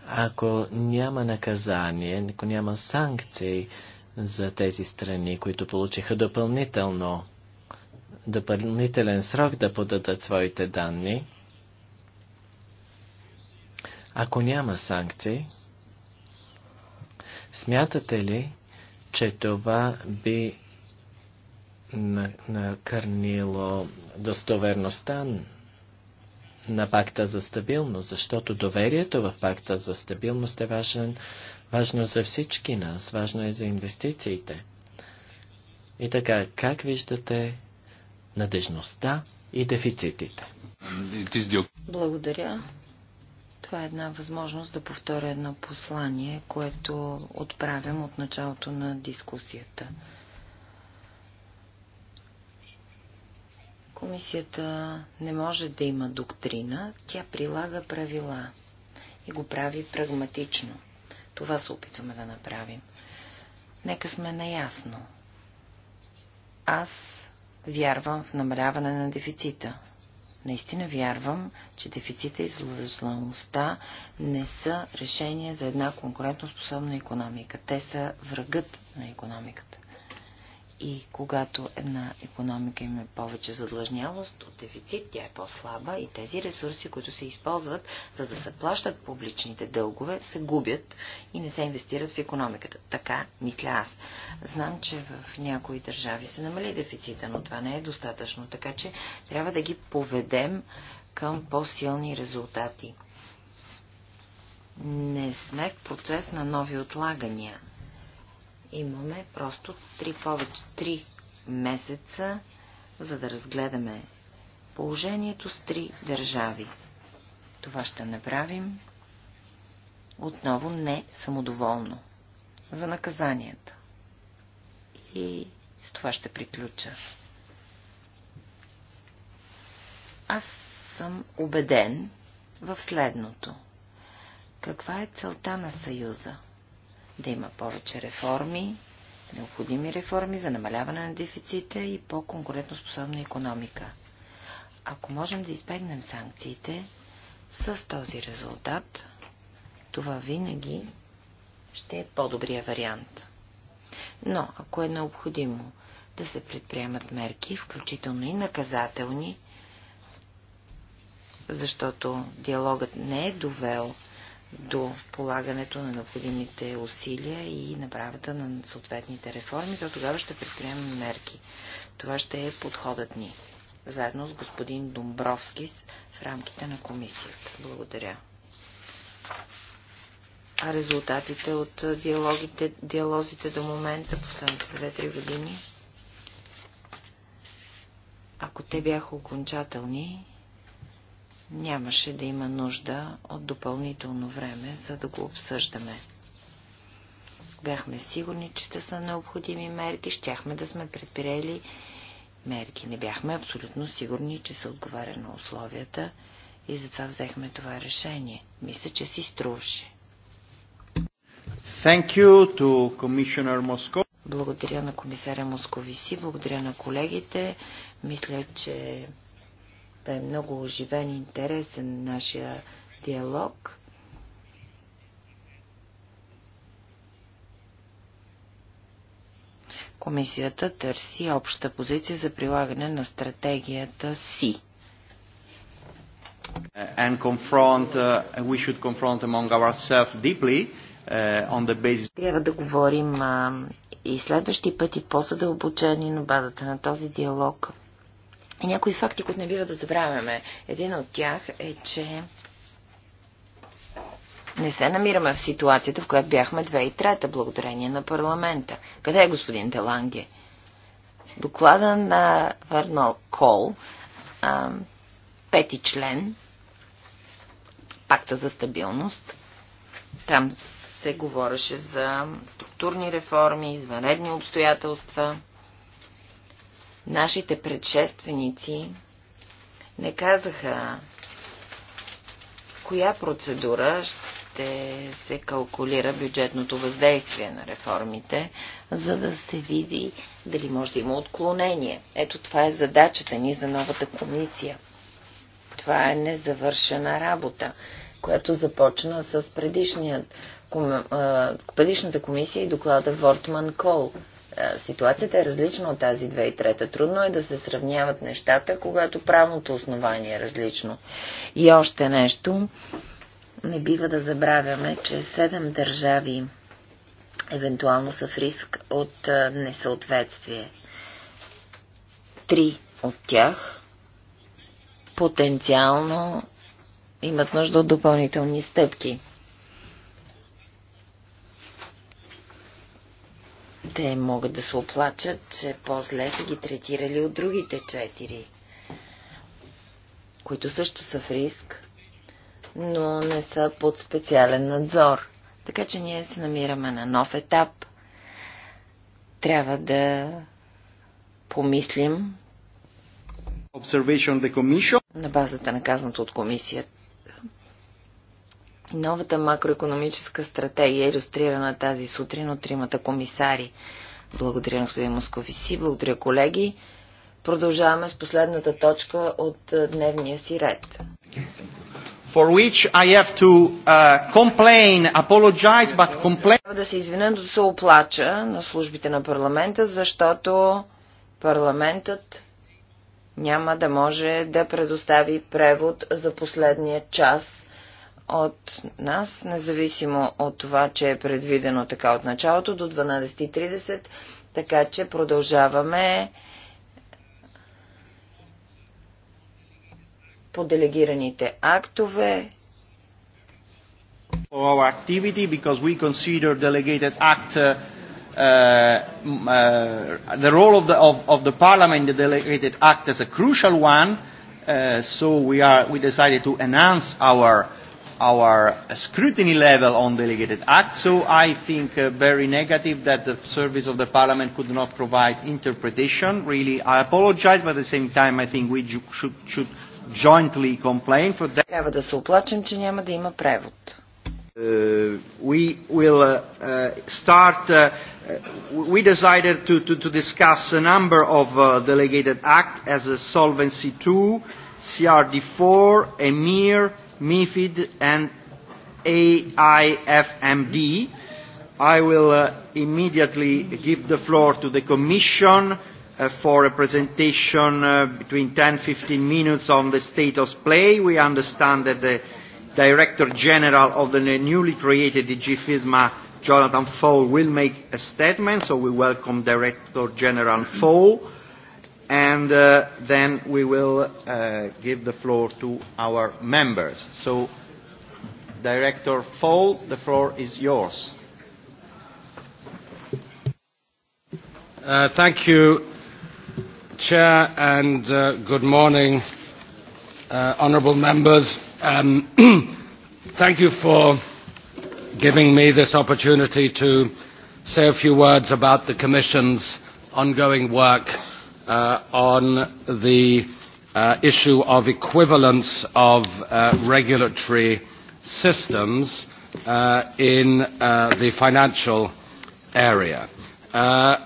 ако няма наказание, ако няма санкции за тези страни, които получиха допълнително допълнителен срок да подадат своите данни, ако няма санкции, смятате ли, че това би накърнило достоверността на пакта за стабилност, защото доверието в пакта за стабилност е важен, важно за всички нас, важно е за инвестициите. И така, как виждате надежността и дефицитите?
Благодаря. Това е една възможност да повторя едно послание, което отправям от началото на дискусията. Комисията не може да има доктрина, тя прилага правила и го прави прагматично. Това се опитваме да направим. Нека сме наясно. Аз вярвам в намаляване на дефицита. Наистина вярвам, че дефицита и злословността не са решение за една конкурентоспособна економика. Те са врагът на економиката. И когато една економика има повече задлъжнялост от дефицит, тя е по-слаба и тези ресурси, които се използват за да се плащат публичните дългове, се губят и не се инвестират в економиката. Така мисля аз. Знам, че в някои държави се намали дефицита, но това не е достатъчно, така че трябва да ги поведем към по-силни резултати. Не сме в процес на нови отлагания имаме просто 3 повече 3 месеца, за да разгледаме положението с 3 държави. Това ще направим отново не самодоволно. За наказанията. И с това ще приключа. Аз съм убеден в следното. Каква е целта на Съюза? да има повече реформи, необходими реформи за намаляване на дефицита и по-конкурентоспособна економика. Ако можем да избегнем санкциите, с този резултат, това винаги ще е по-добрия вариант. Но, ако е необходимо да се предприемат мерки, включително и наказателни, защото диалогът не е довел до полагането на необходимите усилия и направата на съответните реформи, то тогава ще предприемем мерки. Това ще е подходът ни, заедно с господин Домбровски в рамките на комисията. Благодаря. А резултатите от диалогите, диалозите до момента, последните 2-3 години, ако те бяха окончателни, нямаше да има нужда от допълнително време, за да го обсъждаме. Бяхме сигурни, че ще са необходими мерки, щяхме да сме предприели мерки. Не бяхме абсолютно сигурни, че се отговаря на условията и затова взехме това решение. Мисля, че си струваше. Thank you to Commissioner Moscow. Благодаря на комисаря Московиси, благодаря на колегите. Мисля, че бе е много оживен и интересен нашия диалог. Комисията търси обща позиция за прилагане на стратегията си.
Uh, and confront, uh, we should confront among ourselves deeply uh, on the basis...
Трябва да говорим uh, и следващи пъти по-съдълбочени на базата на този диалог и някои факти, които не бива да забравяме. Един от тях е, че не се намираме в ситуацията, в която бяхме 2003-та, благодарение на парламента. Къде е господин Деланге? Доклада на Върнал Кол, а, пети член, пакта за стабилност. Там се говореше за структурни реформи, извънредни обстоятелства. Нашите предшественици не казаха коя процедура ще се калкулира бюджетното въздействие на реформите, за да се види дали може да има отклонение. Ето това е задачата ни за новата комисия. Това е незавършена работа, която започна с предишният, предишната комисия и доклада Вортман Кол. Е, ситуацията е различна от тази 2003. Трудно е да се сравняват нещата, когато правното основание е различно. И още нещо. Не бива да забравяме, че седем държави евентуално са в риск от е, несъответствие. Три от тях потенциално имат нужда от допълнителни стъпки. Те могат да се оплачат, че по-зле са ги третирали от другите четири, които също са в риск, но не са под специален надзор. Така че ние се намираме на нов етап. Трябва да помислим на базата на казаното от комисията Новата макроекономическа стратегия е иллюстрирана тази сутрин от тримата комисари. Благодаря, господин Московиси. Благодаря, колеги. Продължаваме с последната точка от е, дневния си ред. For which I have to
uh, complain, apologize, but complain...
Трябва да се извиня, да се оплача на службите на парламента, защото парламентът няма да може да предостави превод за последния час от нас, независимо от това, че е предвидено така от началото до 12.30, така че продължаваме по делегираните актове.
For our activity, because we consider delegated act uh, uh, the role of the, of, of the parliament, the delegated act, as a crucial one. Uh, so we, are, we decided to enhance our uh, our scrutiny level on delegated acts. So I think uh, very negative that the service of the parliament could not provide interpretation. Really, I apologize, but at the same time, I think we should, should jointly complain for that. Трябва да се оплачем, че няма да има превод. Uh, we will uh, uh, start. Uh, we decided to, to, to discuss a number of uh, delegated acts as a Solvency 2, CRD4, EMIR, MIFID and AIFMD. I will uh, immediately give the floor to the Commission uh, for a presentation uh, between 10-15 minutes on the state of play. We understand that the Director General of the newly created DG FISMA, Jonathan Fowle, will make a statement, so we welcome Director General Fowle and uh, then we will uh, give the floor to our members. So, Director Fall, the floor is yours.
Uh, thank you, Chair, and uh, good morning, uh, honourable members. Um, thank you for giving me this opportunity to say a few words about the Commission's ongoing work on the issue of equivalence of regulatory systems in the financial area.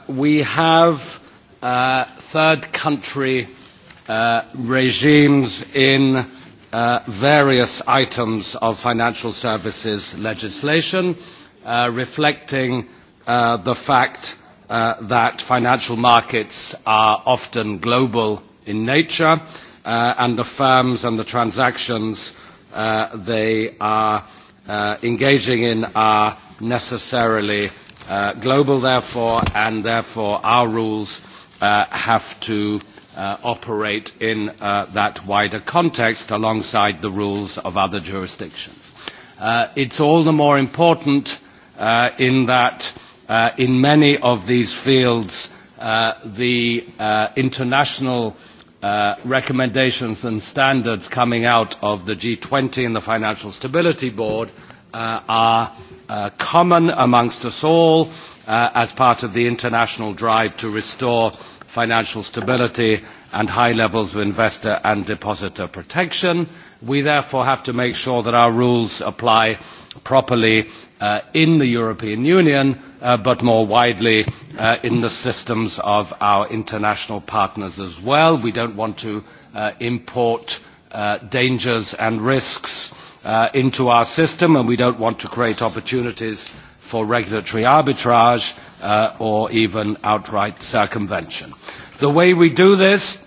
we have third country regimes in various items of financial services legislation reflecting the fact uh, that financial markets are often global in nature uh, and the firms and the transactions uh, they are uh, engaging in are necessarily uh, global therefore and therefore our rules uh, have to uh, operate in uh, that wider context alongside the rules of other jurisdictions. Uh, it's all the more important uh, in that Uh, in many of these fields, uh, the uh, international uh, recommendations and standards coming out of the G20 and the Financial Stability Board uh, are uh, common amongst us all uh, as part of the international drive to restore financial stability and high levels of investor and depositor protection. We therefore have to make sure that our rules apply properly uh, in the European Union, uh, but more widely uh, in the systems of our international partners as well. We don't want to uh, import uh, dangers and risks uh, into our system, and we don't want to create opportunities for regulatory arbitrage uh, or even outright circumvention. The way we do this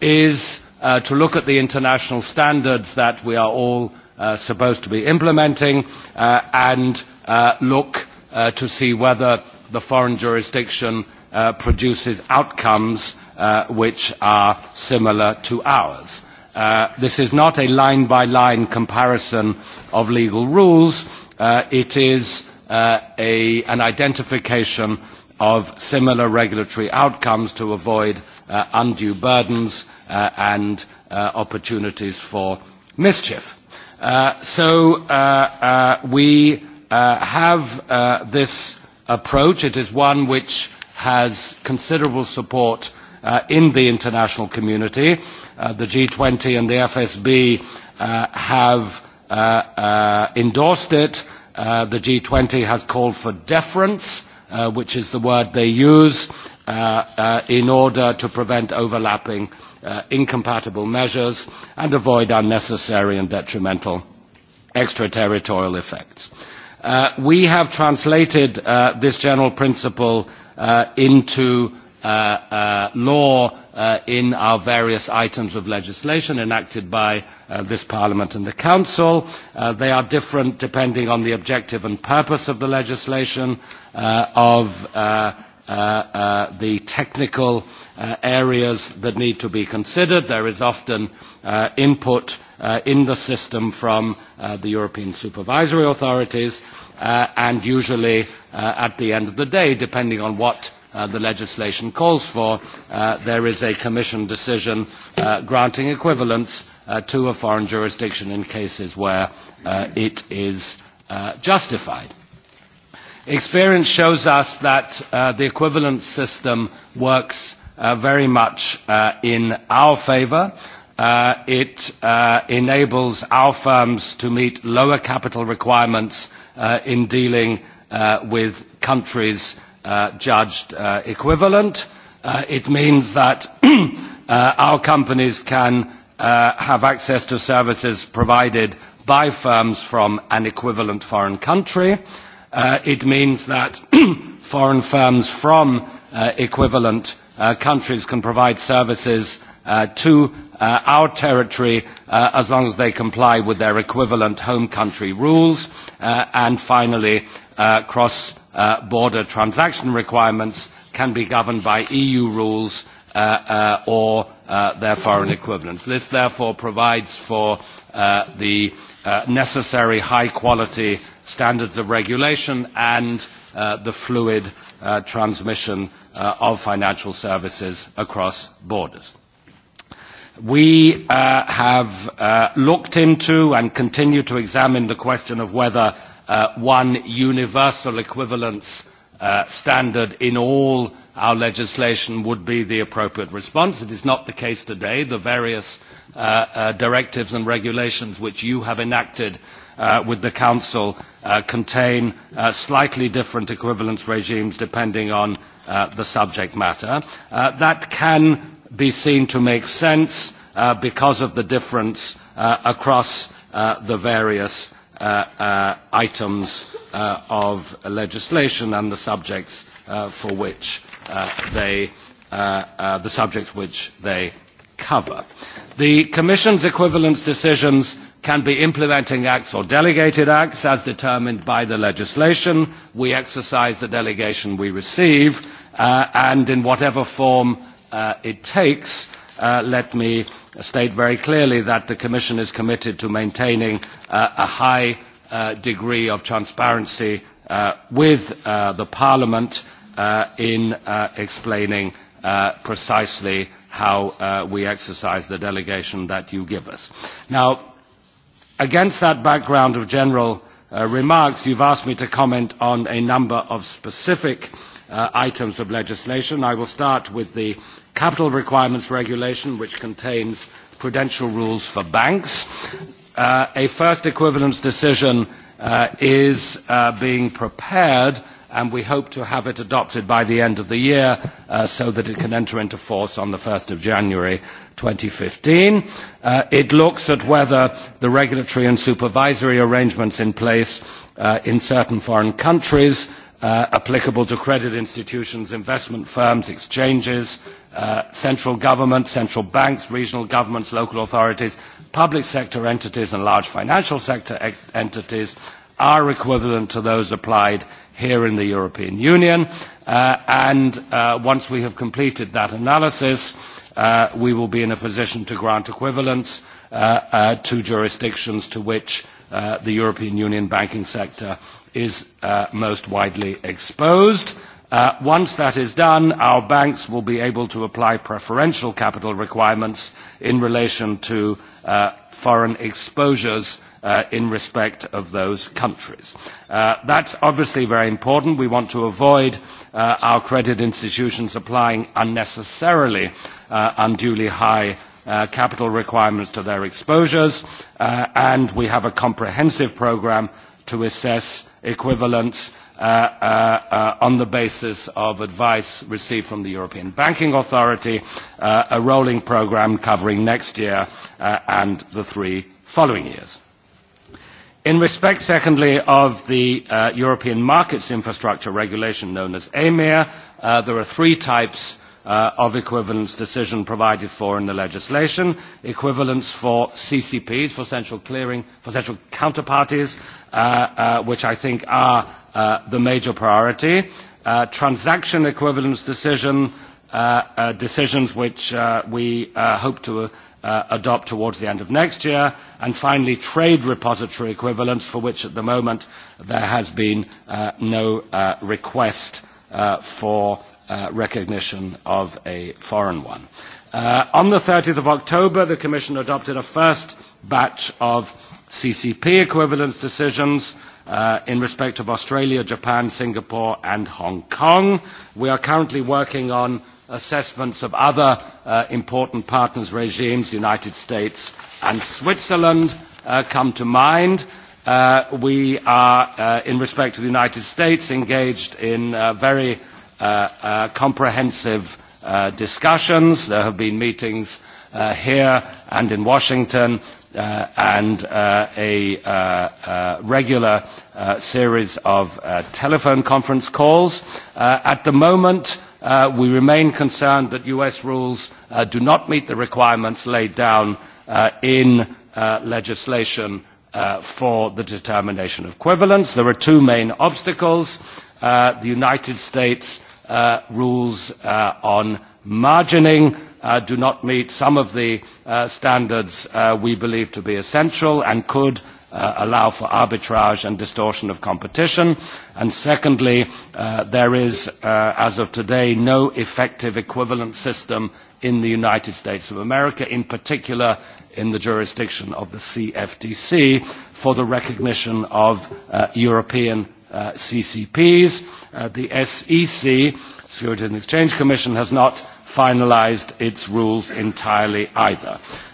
is uh, to look at the international standards that we are all uh, supposed to be implementing uh, and uh, look uh, to see whether the foreign jurisdiction uh, produces outcomes uh, which are similar to ours. Uh, this is not a line-by-line comparison of legal rules. Uh, it is uh, a, an identification of similar regulatory outcomes to avoid uh, undue burdens uh, and uh, opportunities for mischief so uh, uh, we uh, have uh, this approach. It is one which has considerable support uh, in the international community. Uh, the G20 and the FSB uh, have uh, uh, endorsed it. Uh, the G20 has called for deference, uh, which is the word they use, uh, uh, in order to prevent overlapping uh, incompatible measures and avoid unnecessary and detrimental extraterritorial effects. Uh, we have translated uh, this general principle uh, into uh, uh, law uh, in our various items of legislation enacted by uh, this Parliament and the Council. Uh, they are different depending on the objective and purpose of the legislation, uh, of uh, uh, uh, the technical uh, areas that need to be considered. There is often uh, input uh, in the system from uh, the European supervisory authorities uh, and usually uh, at the end of the day, depending on what uh, the legislation calls for, uh, there is a Commission decision uh, granting equivalence uh, to a foreign jurisdiction in cases where uh, it is uh, justified. Experience shows us that uh, the equivalence system works very much in our favour. it enables our firms to meet lower capital requirements in dealing with countries judged equivalent. it means that our companies can have access to services provided by firms from an equivalent foreign country. it means that foreign firms from equivalent countries can provide services uh, to uh, our territory uh, as long as they comply with their equivalent home country rules. Uh, and finally, uh, cross-border transaction requirements can be governed by EU rules uh, uh, or uh, their foreign equivalents. This therefore provides for uh, the uh, necessary high-quality standards of regulation and uh, the fluid transmission of financial services across borders. We have looked into and continue to examine the question of whether one universal equivalence standard in all our legislation would be the appropriate response. It is not the case today. The various directives and regulations which you have enacted uh, with the Council uh, contain uh, slightly different equivalence regimes depending on uh, the subject matter. Uh, that can be seen to make sense uh, because of the difference uh, across uh, the various uh, uh, items uh, of legislation and the subjects uh, for which uh, they, uh, uh, the subjects which they cover. The Commission's equivalence decisions can be implementing acts or delegated acts as determined by the legislation. We exercise the delegation we receive uh, and in whatever form uh, it takes, uh, let me state very clearly that the Commission is committed to maintaining uh, a high uh, degree of transparency uh, with uh, the Parliament uh, in uh, explaining uh, precisely how uh, we exercise the delegation that you give us. Now, Against that background of general uh, remarks, you've asked me to comment on a number of specific uh, items of legislation. I will start with the Capital Requirements Regulation, which contains prudential rules for banks. Uh, a first equivalence decision uh, is uh, being prepared and we hope to have it adopted by the end of the year so that it can enter into force on the 1st of January 2015. Uh, it looks at whether the regulatory and supervisory arrangements in place in certain foreign countries applicable to credit institutions, investment firms, exchanges, central governments, central banks, regional governments, local authorities, public sector entities and large financial sector entities are equivalent to those applied here in the European Union. Uh, and uh, once we have completed that analysis, uh, we will be in a position to grant equivalence uh, uh, to jurisdictions to which uh, the European Union banking sector is uh, most widely exposed. Uh, once that is done, our banks will be able to apply preferential capital requirements in relation to uh, foreign exposures uh, in respect of those countries. Uh, that's obviously very important. We want to avoid uh, our credit institutions applying unnecessarily uh, unduly high uh, capital requirements to their exposures, uh, and we have a comprehensive programme to assess equivalence on the basis of advice received from the European Banking Authority, a rolling programme covering next year and the three following years. In respect, secondly, of the uh, European Markets Infrastructure Regulation, known as EMIR, uh, there are three types uh, of equivalence decision provided for in the legislation. Equivalence for CCPs, for central clearing, for central counterparties, uh, uh, which I think are uh, the major priority. Uh, transaction equivalence decision, uh, uh, decisions which uh, we uh, hope to uh, uh, adopt towards the end of next year, and finally trade repository equivalents for which at the moment there has been uh, no uh, request uh, for uh, recognition of a foreign one. Uh, on the 30th of October, the Commission adopted a first batch of CCP equivalence decisions uh, in respect of Australia, Japan, Singapore and Hong Kong. We are currently working on assessments of other uh, important partners regimes, the United States and Switzerland, uh, come to mind. Uh, we are, uh, in respect to the United States, engaged in uh, very uh, uh, comprehensive uh, discussions. There have been meetings uh, here and in Washington uh, and uh, a uh, uh, regular uh, series of uh, telephone conference calls. Uh, at the moment, uh, we remain concerned that US rules uh, do not meet the requirements laid down uh, in uh, legislation uh, for the determination of equivalence. There are two main obstacles. Uh, the United States uh, rules uh, on margining uh, do not meet some of the uh, standards uh, we believe to be essential and could uh, allow for arbitrage and distortion of competition. And secondly, uh, there is, uh, as of today, no effective equivalent system in the United States of America, in particular in the jurisdiction of the CFTC, for the recognition of uh, European uh, CCPs. Uh, the SEC, Securities and Exchange Commission, has not finalised its rules entirely either.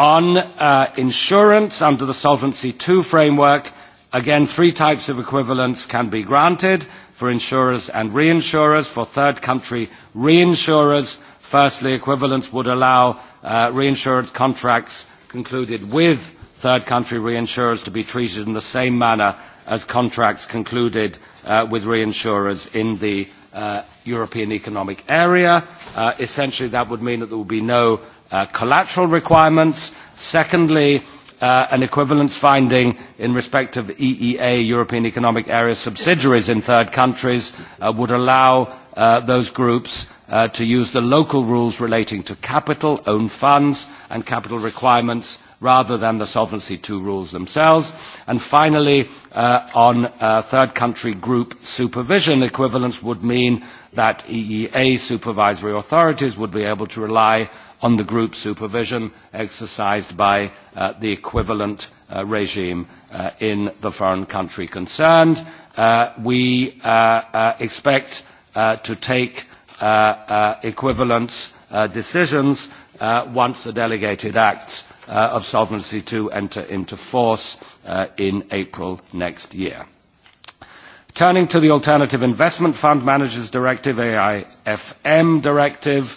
On insurance under the Solvency II framework, again, three types of equivalence can be granted for insurers and reinsurers. For third country reinsurers, firstly, equivalence would allow reinsurance contracts concluded with third country reinsurers to be treated in the same manner as contracts concluded with reinsurers in the European Economic Area. essentially, that would mean that there would be no collateral requirements, secondly, uh, an equivalence finding in respect of EEA, European Economic Area subsidiaries in third countries, uh, would allow uh, those groups uh, to use the local rules relating to capital, own funds, and capital requirements rather than the Solvency II rules themselves. And finally, uh, on uh, third country group supervision equivalence would mean that EEA supervisory authorities would be able to rely on the group supervision exercised by the equivalent regime in the foreign country concerned. we expect to take equivalence decisions once the delegated acts of Solvency II enter into force in April next year. Turning to the Alternative Investment Fund Managers Directive, AIFM Directive,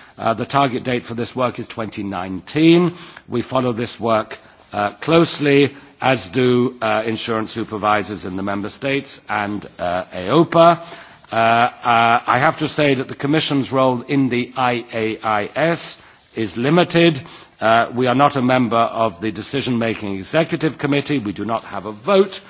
Uh, the target date for this work is 2019. We follow this work uh, closely, as do uh, insurance supervisors in the Member States and uh, AOPA. Uh, uh, I have to say that the Commission's role in the IAIS is limited. Uh, we are not a member of the Decision Making Executive Committee. We do not have a vote. Uh,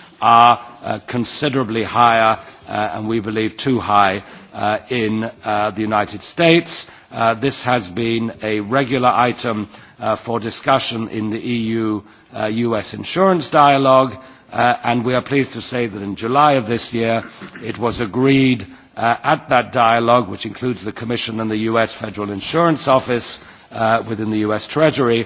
are considerably higher, and we believe too high, in the United States. this has been a regular item for discussion in the EU-US insurance dialogue, and we are pleased to say that in July of this year it was agreed at that dialogue, which includes the Commission and the US Federal Insurance Office within the US Treasury,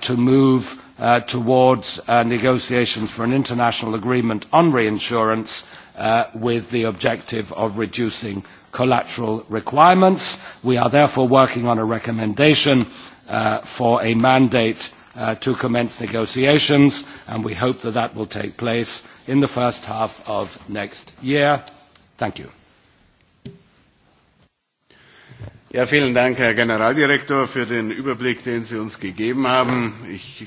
to move uh, towards uh, negotiations for an international agreement on reinsurance uh, with the objective of reducing collateral requirements. We are therefore working on a recommendation uh, for a mandate uh, to commence negotiations and we hope that that will take place in the first half of next year. Thank you. Ja, vielen
Dank, Herr Generaldirektor, für den Überblick, den Sie uns gegeben haben. Ich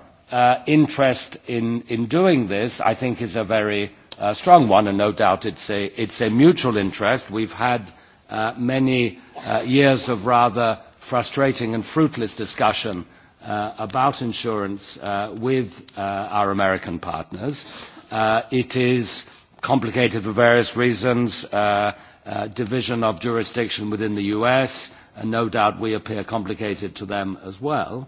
interest in, doing this, I think, is a very strong one, and no doubt it's a, a mutual interest. We've had many years of rather frustrating and fruitless discussion about insurance with our American partners. it is complicated for various reasons, division of jurisdiction within the US, and no doubt we appear complicated to them as well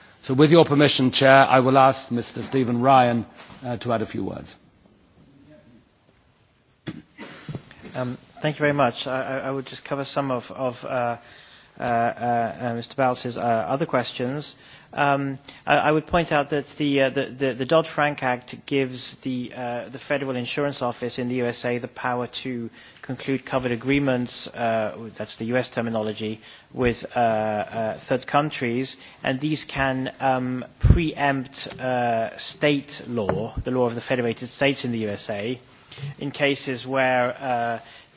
So with your permission, Chair, I will ask Mr. Stephen Ryan uh, to add a few words.
Um, thank you very much. I, I would just cover some of, of uh, uh, uh, Mr. Balz's uh, other questions. Um, I, I would point out that the, uh, the, the, the Dodd-Frank Act gives the, uh, the Federal Insurance Office in the USA the power to uh, conclude covered agreements, uh, that's the US terminology, with uh, uh, third countries, and these can um, preempt uh, state law, the law of the Federated States in the USA, in cases where uh,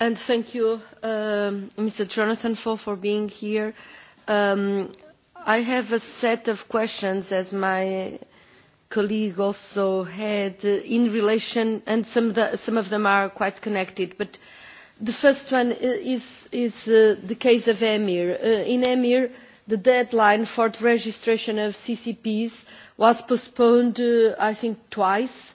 And thank you, Mr. Jonathan, for, for being here. I have a set of questions, as my colleague also had, in relation, and some of, them are quite connected. But the first one is, the case of EMIR. in EMIR, the deadline for the registration of CCPs was postponed, I think, twice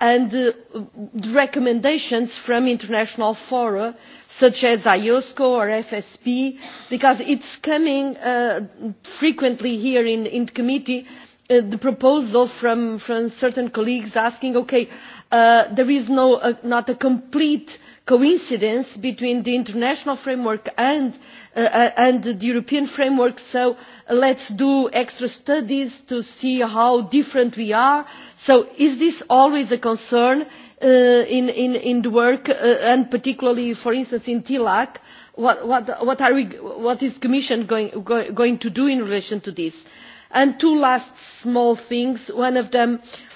and the recommendations from international fora such as iosco or fsp because it is coming frequently here in committee the proposals from certain colleagues asking okay there is not a complete coincidence between the international framework and, uh, and the European framework, so let's do extra studies to see how different we are. So is this always a concern uh, in, in, in the work, uh, and particularly, for instance, in TILAC? What, what, what, are we, what is the Commission going, go, going to do in relation to this? And two last small things. One of them,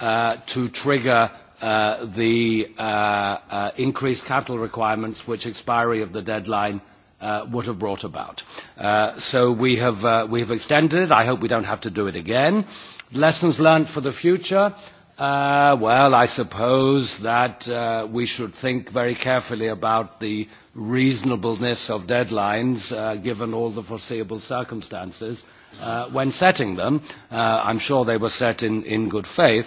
to trigger uh, the uh, uh, increased capital requirements which expiry of the deadline uh, would have brought about. Uh, so we have, uh, we have extended. I hope we don't have to do it again. Lessons learned for the future. Uh, well, I suppose that uh, we should think very carefully about the reasonableness of deadlines, uh, given all the foreseeable circumstances. Uh, when setting them, uh, I'm sure they were set in, in good faith,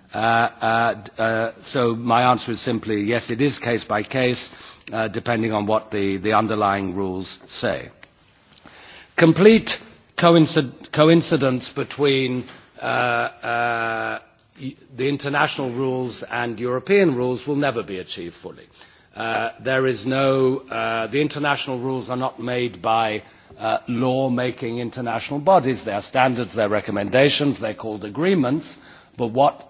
so my answer is simply yes, it is case by case, depending on what the, the underlying rules say. Complete coincidence between the international rules and European rules will never be achieved fully. there is no, the international rules are not made by law-making international bodies. They are standards, they are recommendations, they are called agreements, but what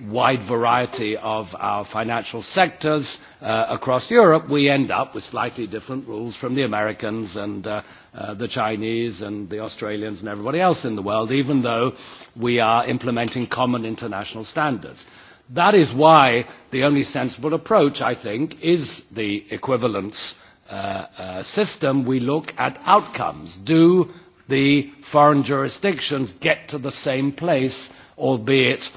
wide variety of our financial sectors uh, across Europe, we end up with slightly different rules from the Americans and uh, uh, the Chinese and the Australians and everybody else in the world, even though we are implementing common international standards. That is why the only sensible approach, I think, is the equivalence uh, uh, system. We look at outcomes. Do the foreign jurisdictions get to the same place, albeit uh,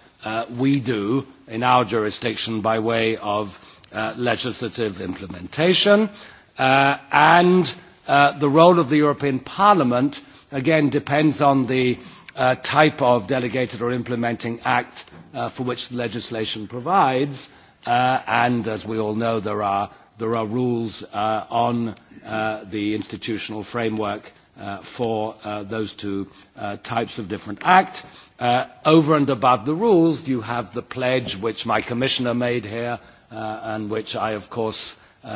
uh, we do in our jurisdiction by way of uh, legislative implementation. Uh, and uh, the role of the European Parliament, again, depends on the uh, type of delegated or implementing act uh, for which the legislation provides. Uh, and as we all know, there are, there are rules uh, on uh, the institutional framework uh, for uh, those two uh, types of different act Uh, over and above the rules, you have the pledge which my commissioner made here uh, and which I, of course, uh, uh,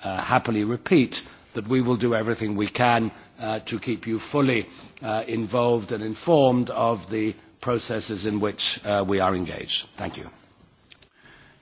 uh, happily repeat that we will do everything we can uh, to keep you fully uh, involved and informed of the processes in which uh, we are engaged. Thank you.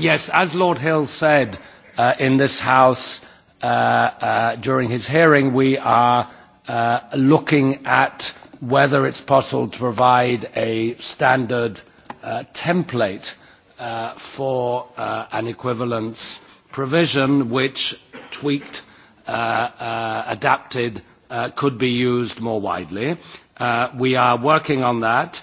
Yes, as Lord Hill said uh, in this House uh, uh, during his hearing, we are uh, looking at whether it's possible to provide a standard uh, template uh, for uh, an equivalence provision which tweaked, uh, uh, adapted, uh, could be used more widely. Uh, we are working on that.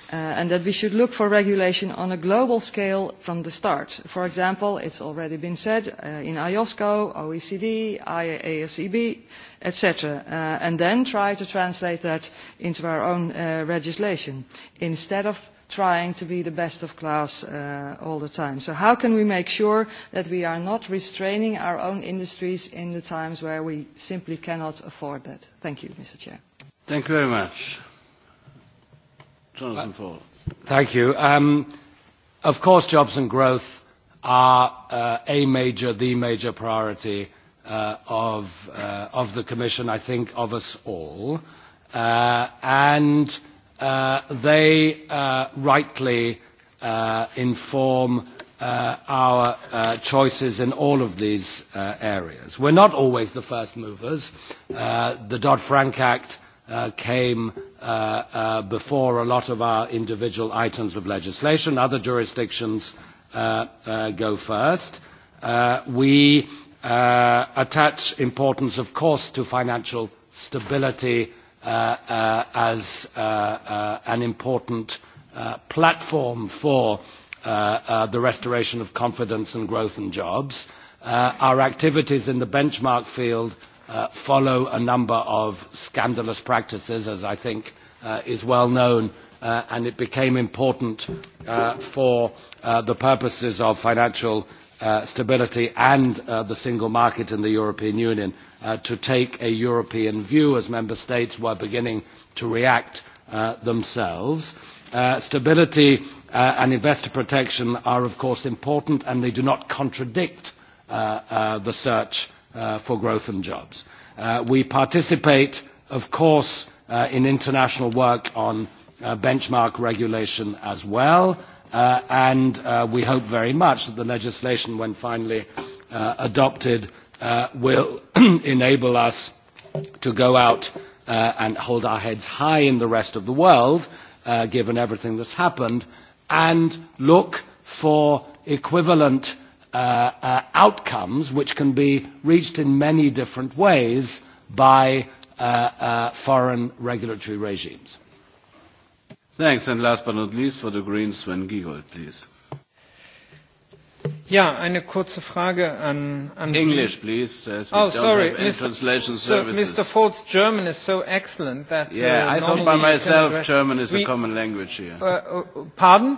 and that we should look for regulation on a global scale from the start. For example, it's already been said in IOSCO, OECD, IASEB, etc., and then try to translate that into our own legislation instead of trying to be the best of class uh, all the time. So how can we make sure that we are not restraining our own industries in the times where we simply cannot afford that? Thank you, Mr. Chair.
Thank you very much.
Thank
you. Um, of course, jobs and growth are uh, a major, the major priority uh, of, uh, of the Commission, I think, of us all. Uh, and uh, they uh, rightly uh, inform uh, our uh, choices in all of these uh, areas. We're not always the first movers. Uh, the Dodd-Frank Act uh, came before a lot of our individual items of legislation. Other jurisdictions go first. We attach importance, of course, to financial stability as an important platform for the restoration of confidence and growth and jobs. Our activities in the benchmark field follow a number of scandalous practices, as I think uh, is well known, uh, and it became important uh, for uh, the purposes of financial uh, stability and uh, the single market in the European Union uh, to take a European view as member states were beginning to react uh, themselves. Uh, stability uh, and investor protection are, of course, important, and they do not contradict uh, uh, the search uh, uh, for growth and jobs. Uh, we participate, of course, uh, in international work on uh, benchmark regulation as well, uh, and uh, we hope very much that the legislation, when finally uh, adopted, uh, will enable us to go out uh, and hold our heads high in the rest of the world, uh, given everything that's happened, and look for equivalent uh, uh, outcomes which can be reached in many different ways by uh, uh, foreign regulatory regimes. Thanks. And last but not least, for the Greens, Sven Giegold, please.
Ja, eine kurze Frage an, an English, Sie. please. As we oh, don't sorry, have Mr. Translation so services. Mr. Ford's German is so excellent that. Yeah, uh, I thought by myself German is we, a common language here. Uh, uh,
pardon?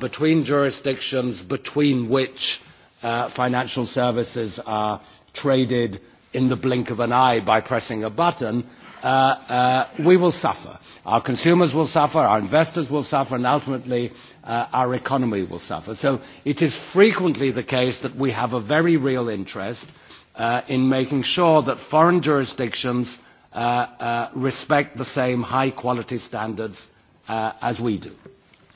between jurisdictions between which financial services are traded in the blink of an eye by pressing a button, we will suffer. Our consumers will suffer, our investors will suffer, and ultimately our economy will suffer. So it is frequently the case that we have a very real interest in making sure that foreign jurisdictions respect the same high quality standards as we do.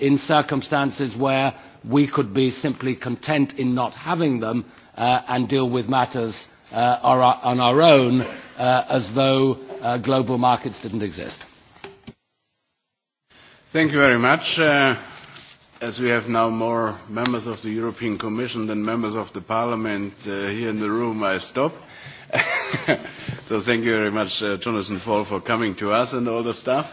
in circumstances where we could be simply content in not having them uh, and deal with matters uh, on our own uh, as though uh, global markets didn't exist.
Thank you very much. Uh, as we have now more members of the European Commission than members of the Parliament uh, here in the room, I stop. so thank you very much, uh, Jonathan Fall, for coming to us and all the stuff